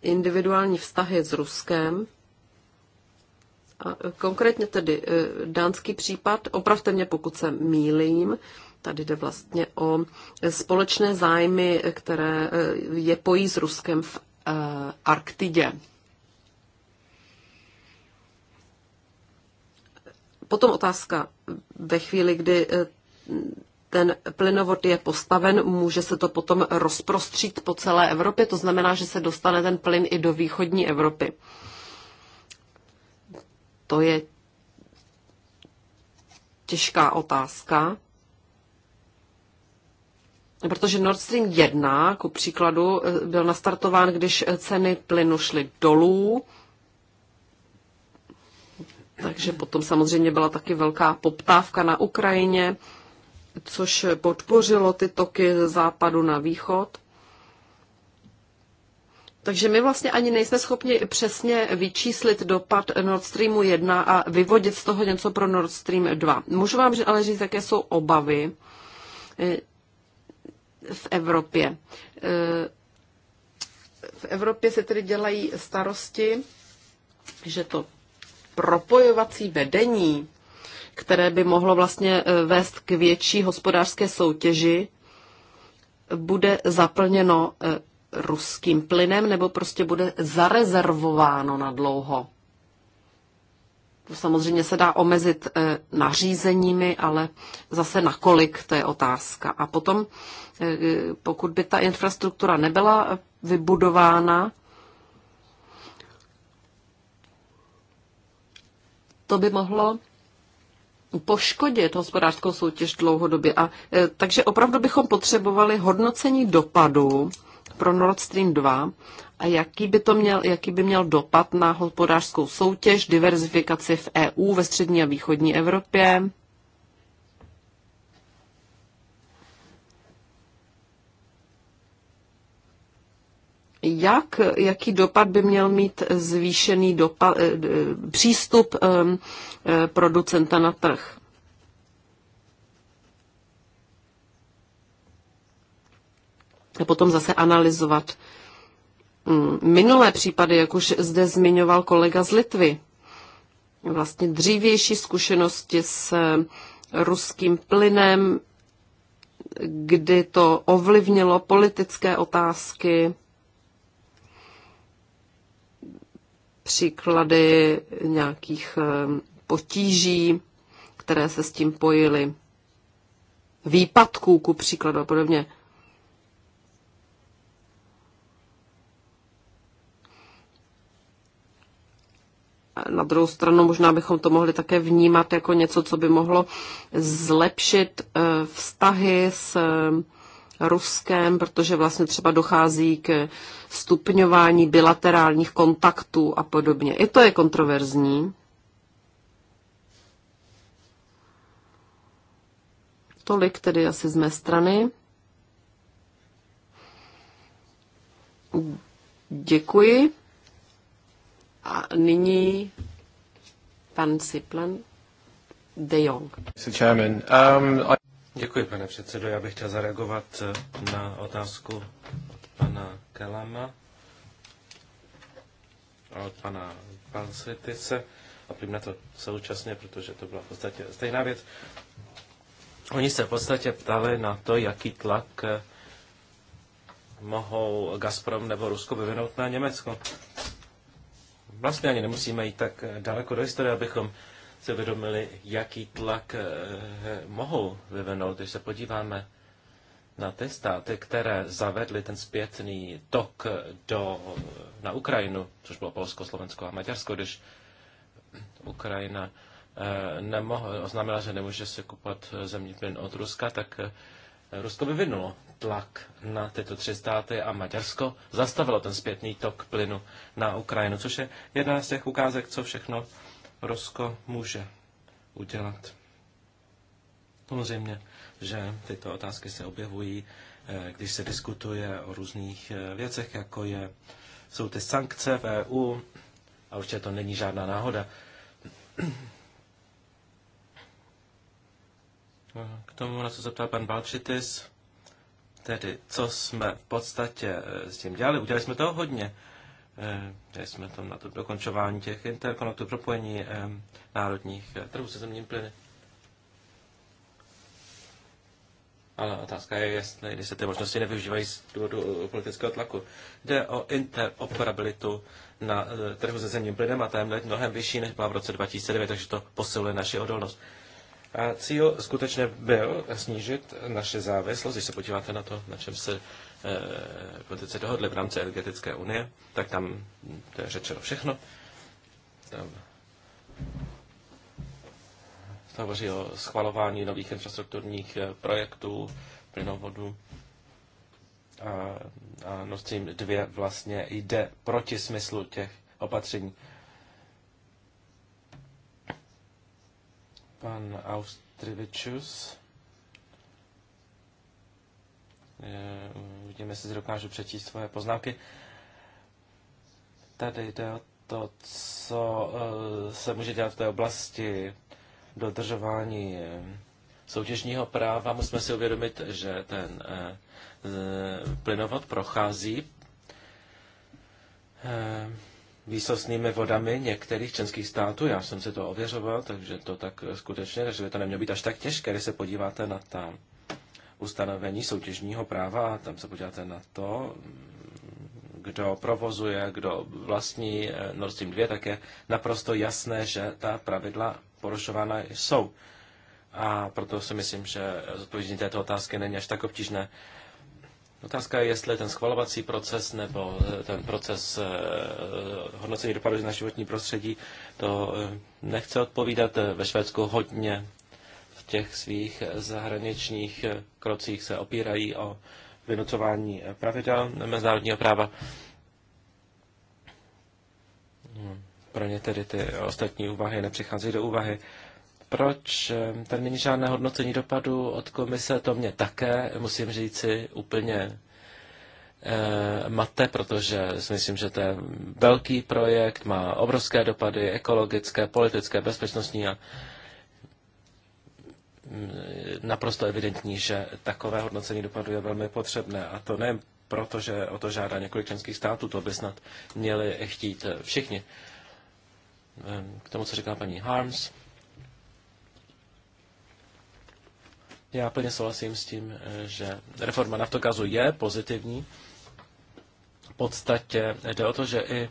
individuální vztahy s Ruskem. A eh, konkrétně tedy eh, dánský případ, opravte mě, pokud se mýlím, tady jde vlastně o společné zájmy, které je pojí s Ruskem v Arktidě. Potom otázka ve chvíli, kdy eh, ten plynovod je postaven, může se to potom rozprostřít po celé Evropě, to znamená, že se dostane ten plyn i do východní Evropy. To je těžká otázka, protože Nord Stream 1, ku příkladu, eh, byl nastartován, když ceny plynu šly dolů, takže potom samozřejmě byla taky velká poptávka na Ukrajině, což podpořilo ty toky ze západu na východ. Takže my vlastně ani nejsme schopni přesně vyčíslit dopad Nord Streamu 1 a vyvodit z toho něco pro Nord Stream 2. Můžu vám ale říct, jaké jsou obavy eh, v Evropě. Eh, v Evropě se tedy dělají starosti, že to propojovací vedení, které by mohlo vlastně eh, vést k větší hospodářské soutěži, bude zaplněno eh, ruským plynem nebo prostě bude zarezervováno na dlouho. To samozřejmě se dá omezit eh, nařízeními, ale zase nakolik, to je otázka. A potom, pokud by ta infrastruktura nebyla vybudována, to by mohlo poškodit hospodářskou soutěž dlouhodobě. A, e, takže opravdu bychom potřebovali hodnocení dopadu pro Nord Stream 2 a jaký by, to měl, jaký by měl dopad na hospodářskou soutěž, diverzifikaci v EU, ve střední a východní Evropě jak, jaký dopad by měl mít zvýšený dopad, eh, eh, přístup ehm, eh, producenta na trh. A potom zase analyzovat hm, minulé případy, jak už zde zmiňoval kolega z Litvy. Vlastně dřívější zkušenosti s ruským plynem, kdy to ovlivnilo politické otázky, příklady nějakých eh, potíží, které se s tím pojily, výpadků ku příkladu a podobně. Na druhou stranu možná bychom to mohli také vnímat jako něco, co by mohlo zlepšit eh, vztahy s Ruskem, protože vlastně třeba dochází k stupňování bilaterálních kontaktů a podobně. I to je kontroverzní. Tolik tedy asi z mé strany. Děkuji. A nyní pan Siplan de Jong. Um, Děkuji, pane předsedo. Já bych chtěl zareagovat eh, na otázku pana Kelama a od pana Pansitise. A pojďme na to současně, protože to byla v podstatě stejná věc. Oni se v podstatě ptali na to, jaký tlak eh, mohou Gazprom nebo Rusko vyvinout na Německo. Vlastně ani nemusíme jít tak daleko do historie, abychom se vědomili, jaký tlak eh, mohou vyvinout. Když se podíváme na ty státy, které zavedly ten zpětný tok do, na Ukrajinu, což bylo Polsko, Slovensko a Maďarsko, když Ukrajina eh, nemohla oznámila, že nemůže si kupovat zemní plyn od Ruska, tak eh, Rusko vyvinulo tlak na tyto tři státy a Maďarsko zastavilo ten zpětný tok plynu na Ukrajinu, což je jedna z těch ukázek, co všechno Rusko může udělat. Samozřejmě, že tyto otázky se objevují, eh, když se diskutuje o různých eh, věcech, jako je, jsou ty sankce v EU, a určitě to není žádná náhoda. Eh, k tomu, na co se pan Balčitis, tedy co jsme v podstatě s tím dělali, udělali jsme toho hodně kde eh, jsme tam na to dokončování těch interkonektů, propojení eh, národních eh, trhů se zemním plyny. Ale otázka je, jestli, se ty možnosti nevyužívají z důvodu politického tlaku. Jde o interoperabilitu na trhu se zemním plynem a ta je mnohem vyšší, než byla v roce 2009, takže to posiluje naši odolnost. A cíl skutečně byl snížit naše závislost, když se podíváte na to, na čem se Eh, politice dohodli v rámci energetické unie, tak tam to je řečeno všechno. Tam se hovoří o schvalování nových infrastrukturních eh, projektů, plynovodu a, a Nord Stream 2 vlastně jde proti smyslu těch opatření. Pan Austrivičus eh, Uvidíme, jestli dokážu přečíst svoje poznámky. Tady jde o to, co eh, se může dělat v té oblasti dodržování eh, soutěžního práva. Musíme si uvědomit, že ten eh, plynovod prochází výsostnými vodami některých členských států. Já jsem si to ověřoval, takže to tak skutečně, takže by to nemělo být až tak těžké, když se podíváte na ta ustanovení soutěžního práva a tam se podíváte na to, kdo provozuje, kdo vlastní eh, Nord Stream 2, tak je naprosto jasné, že ta pravidla porušována jsou. A proto si myslím, že zodpovědění této otázky není až tak obtížné. Otázka je, jestli ten schvalovací proces nebo eh, ten proces eh, hodnocení dopadu na životní prostředí, to nechce odpovídat. Ve Švédsku hodně těch svých zahraničních krocích se opírají o vynucování pravidel mezinárodního práva. Pro ně tedy ty ostatní úvahy nepřicházejí do úvahy. Proč ehm, tam není žádné hodnocení dopadu od komise, to mě také, musím říci, úplně ehm, mate, protože si myslím, že to je velký projekt, má obrovské dopady ekologické, politické, bezpečnostní a Mm, naprosto evidentní, že takové hodnocení dopadu je velmi potřebné. A to ne proto, že o to žádá několik členských států, to by snad měli chtít eh, všichni. Ehm, k tomu, co říká paní Harms. Já plně souhlasím s tím, eh, že reforma naftokazu je pozitivní. V podstatě jde o to, že i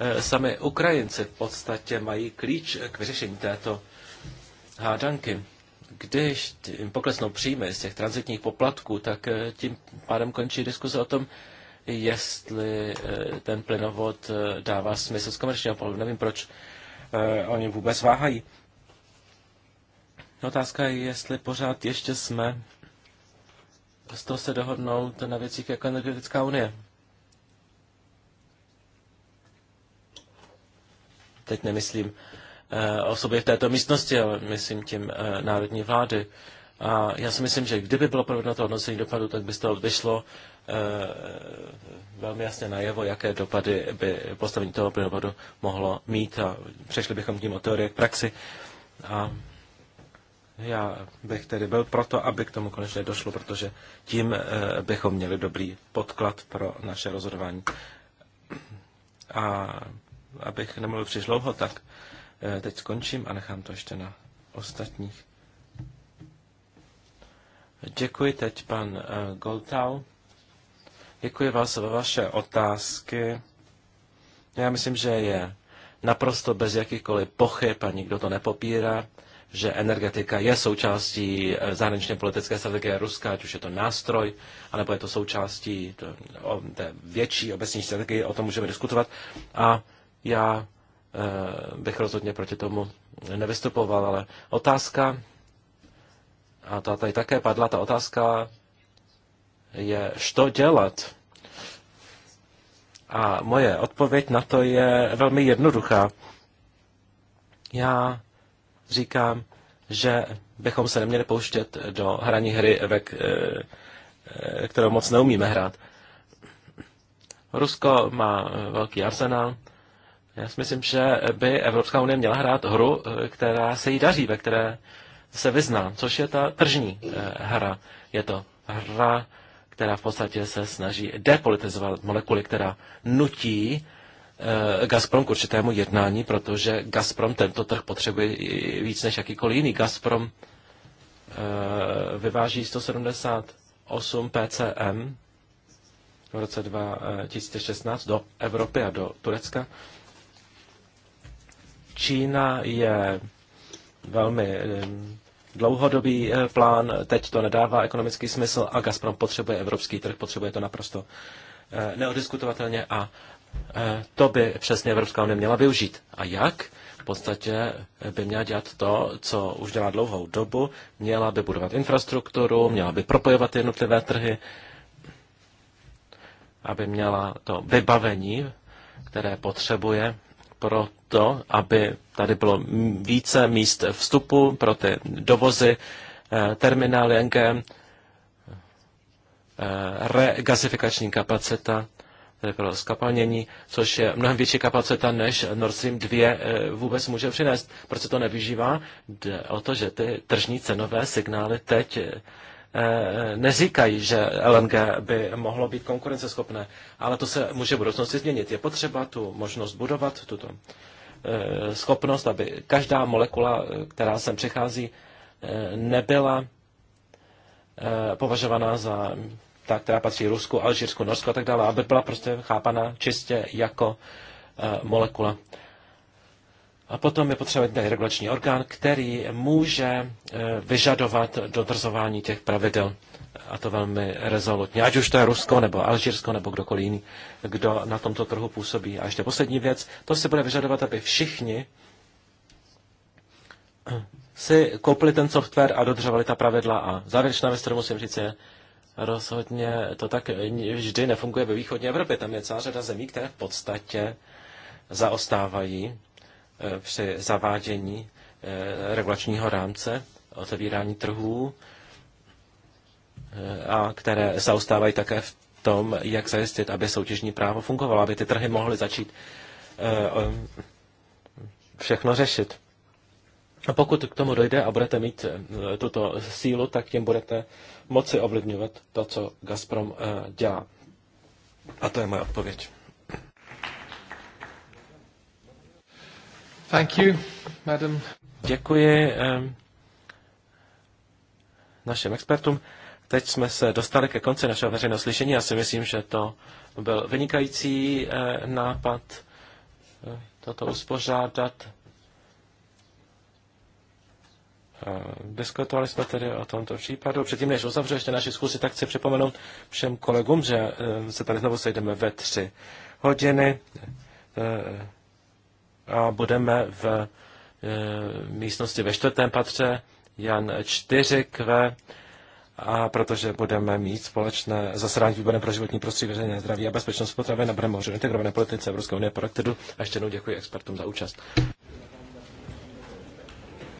eh, sami Ukrajinci v podstatě mají klíč k vyřešení této hádanky když poklesnou příjmy z těch transitních poplatků, tak eh, tím pádem končí diskuze o tom, jestli eh, ten plynovod eh, dává smysl z komerčního pohledu. Nevím, proč oni vůbec váhají. Otázka je, jestli pořád ještě jsme z toho se dohodnout na věcích jako energetická unie. Teď nemyslím Eh, osoby v této místnosti, ale myslím tím eh, národní vlády. A já si myslím, že kdyby bylo provedeno to hodnocení dopadu, tak by z toho vyšlo eh, velmi jasně najevo, jaké dopady by postavení toho plynovodu mohlo mít a přešli bychom tím od teorie k praxi. A já bych tedy byl proto, aby k tomu konečně došlo, protože tím bychom měli dobrý podklad pro naše rozhodování. A abych nemluvil příliš dlouho, tak Eh, teď skončím a nechám to ještě na ostatních. Děkuji teď pan eh, Goltau. Děkuji vás za vaše otázky. Já myslím, že je naprosto bez jakýchkoliv pochyb a nikdo to nepopírá, že energetika je součástí eh, zahraničně politické strategie Ruska, ať už je to nástroj, anebo je to součástí té větší obecní strategie, o tom můžeme diskutovat. A já Eh, bych rozhodně proti tomu nevystupoval, ale otázka, a ta tady také padla, ta otázka je, co dělat? A moje odpověď na to je velmi jednoduchá. Já říkám, že bychom se neměli pouštět do hraní hry, ve eh, eh, kterou moc neumíme hrát. Rusko má velký arsenál já si myslím, že by Evropská unie měla hrát hru, eh, která se jí daří, ve které se vyzná, což je ta tržní eh, hra. Je to hra, která v podstatě se snaží depolitizovat molekuly, která nutí eh, Gazprom k určitému jednání, protože Gazprom tento trh potřebuje víc než jakýkoliv jiný. Gazprom vyváží 178 PCM v roce 2016 do Evropy a do Turecka. Čína je velmi dlouhodobý eh, plán, teď to nedává ekonomický smysl a Gazprom potřebuje evropský trh, potřebuje to naprosto eh, neodiskutovatelně a eh, to by přesně Evropská unie měla využít. A jak? V podstatě by měla dělat to, co už dělá dlouhou dobu, měla by budovat infrastrukturu, měla by propojovat jednotlivé trhy, aby měla to vybavení, které potřebuje pro to, aby tady bylo více míst vstupu pro ty dovozy, eh, terminály NGM, eh, regasifikační kapacita, tedy pro skapalnění, což je mnohem větší kapacita, než Nord Stream 2 eh, vůbec může přinést. Proč se to nevyžívá? Jde o to, že ty tržní cenové signály teď Eh, neříkají, že LNG by mohlo být konkurenceschopné, ale to se může v budoucnosti změnit. Je potřeba tu možnost budovat, tuto eh, schopnost, aby každá molekula, eh, která sem přichází, nebyla považovaná za ta, která patří Rusku, Alžírsku, Norsku a tak dále, aby byla prostě chápaná čistě jako molekula a potom je potřeba mít regulační orgán, který může eh, vyžadovat dodržování těch pravidel. A to velmi rezolutně. Ať už to je Rusko, nebo Alžírsko, nebo kdokoliv jiný, kdo na tomto trhu působí. A ještě poslední věc, to se bude vyžadovat, aby všichni si koupili ten software a dodržovali ta pravidla. A závěrečná věc, kterou musím říct, je, rozhodně to tak vždy nefunguje ve východní Evropě. Tam je celá řada zemí, které v podstatě zaostávají Eh, při zavádění eh, regulačního rámce, otevírání trhů, eh, a které zaostávají také v tom, jak zajistit, aby soutěžní právo fungovalo, aby ty trhy mohly začít všechno řešit. A pokud k tomu dojde a budete mít tuto sílu, tak tím budete moci ovlivňovat to, co Gazprom dělá. A to je moje odpověď. Thank you, madam. Děkuji našim expertům. Teď jsme se dostali ke konci našeho veřejného slyšení. Já si myslím, že to byl vynikající eh, nápad eh, toto uspořádat. Eh, diskutovali jsme tedy o tomto případu. Předtím, než uzavřu ještě naši zkusy, tak chci připomenout všem kolegům, že se tady znovu sejdeme ve tři hodiny a budeme e, v místnosti ve čtvrtém patře Jan 4Q, a protože budeme mít společné zasedání s výborem pro životní prostředí, veřejné zdraví a bezpečnost potravin a budeme integrované politice Evropské unie pro A ještě jednou děkuji expertům za účast.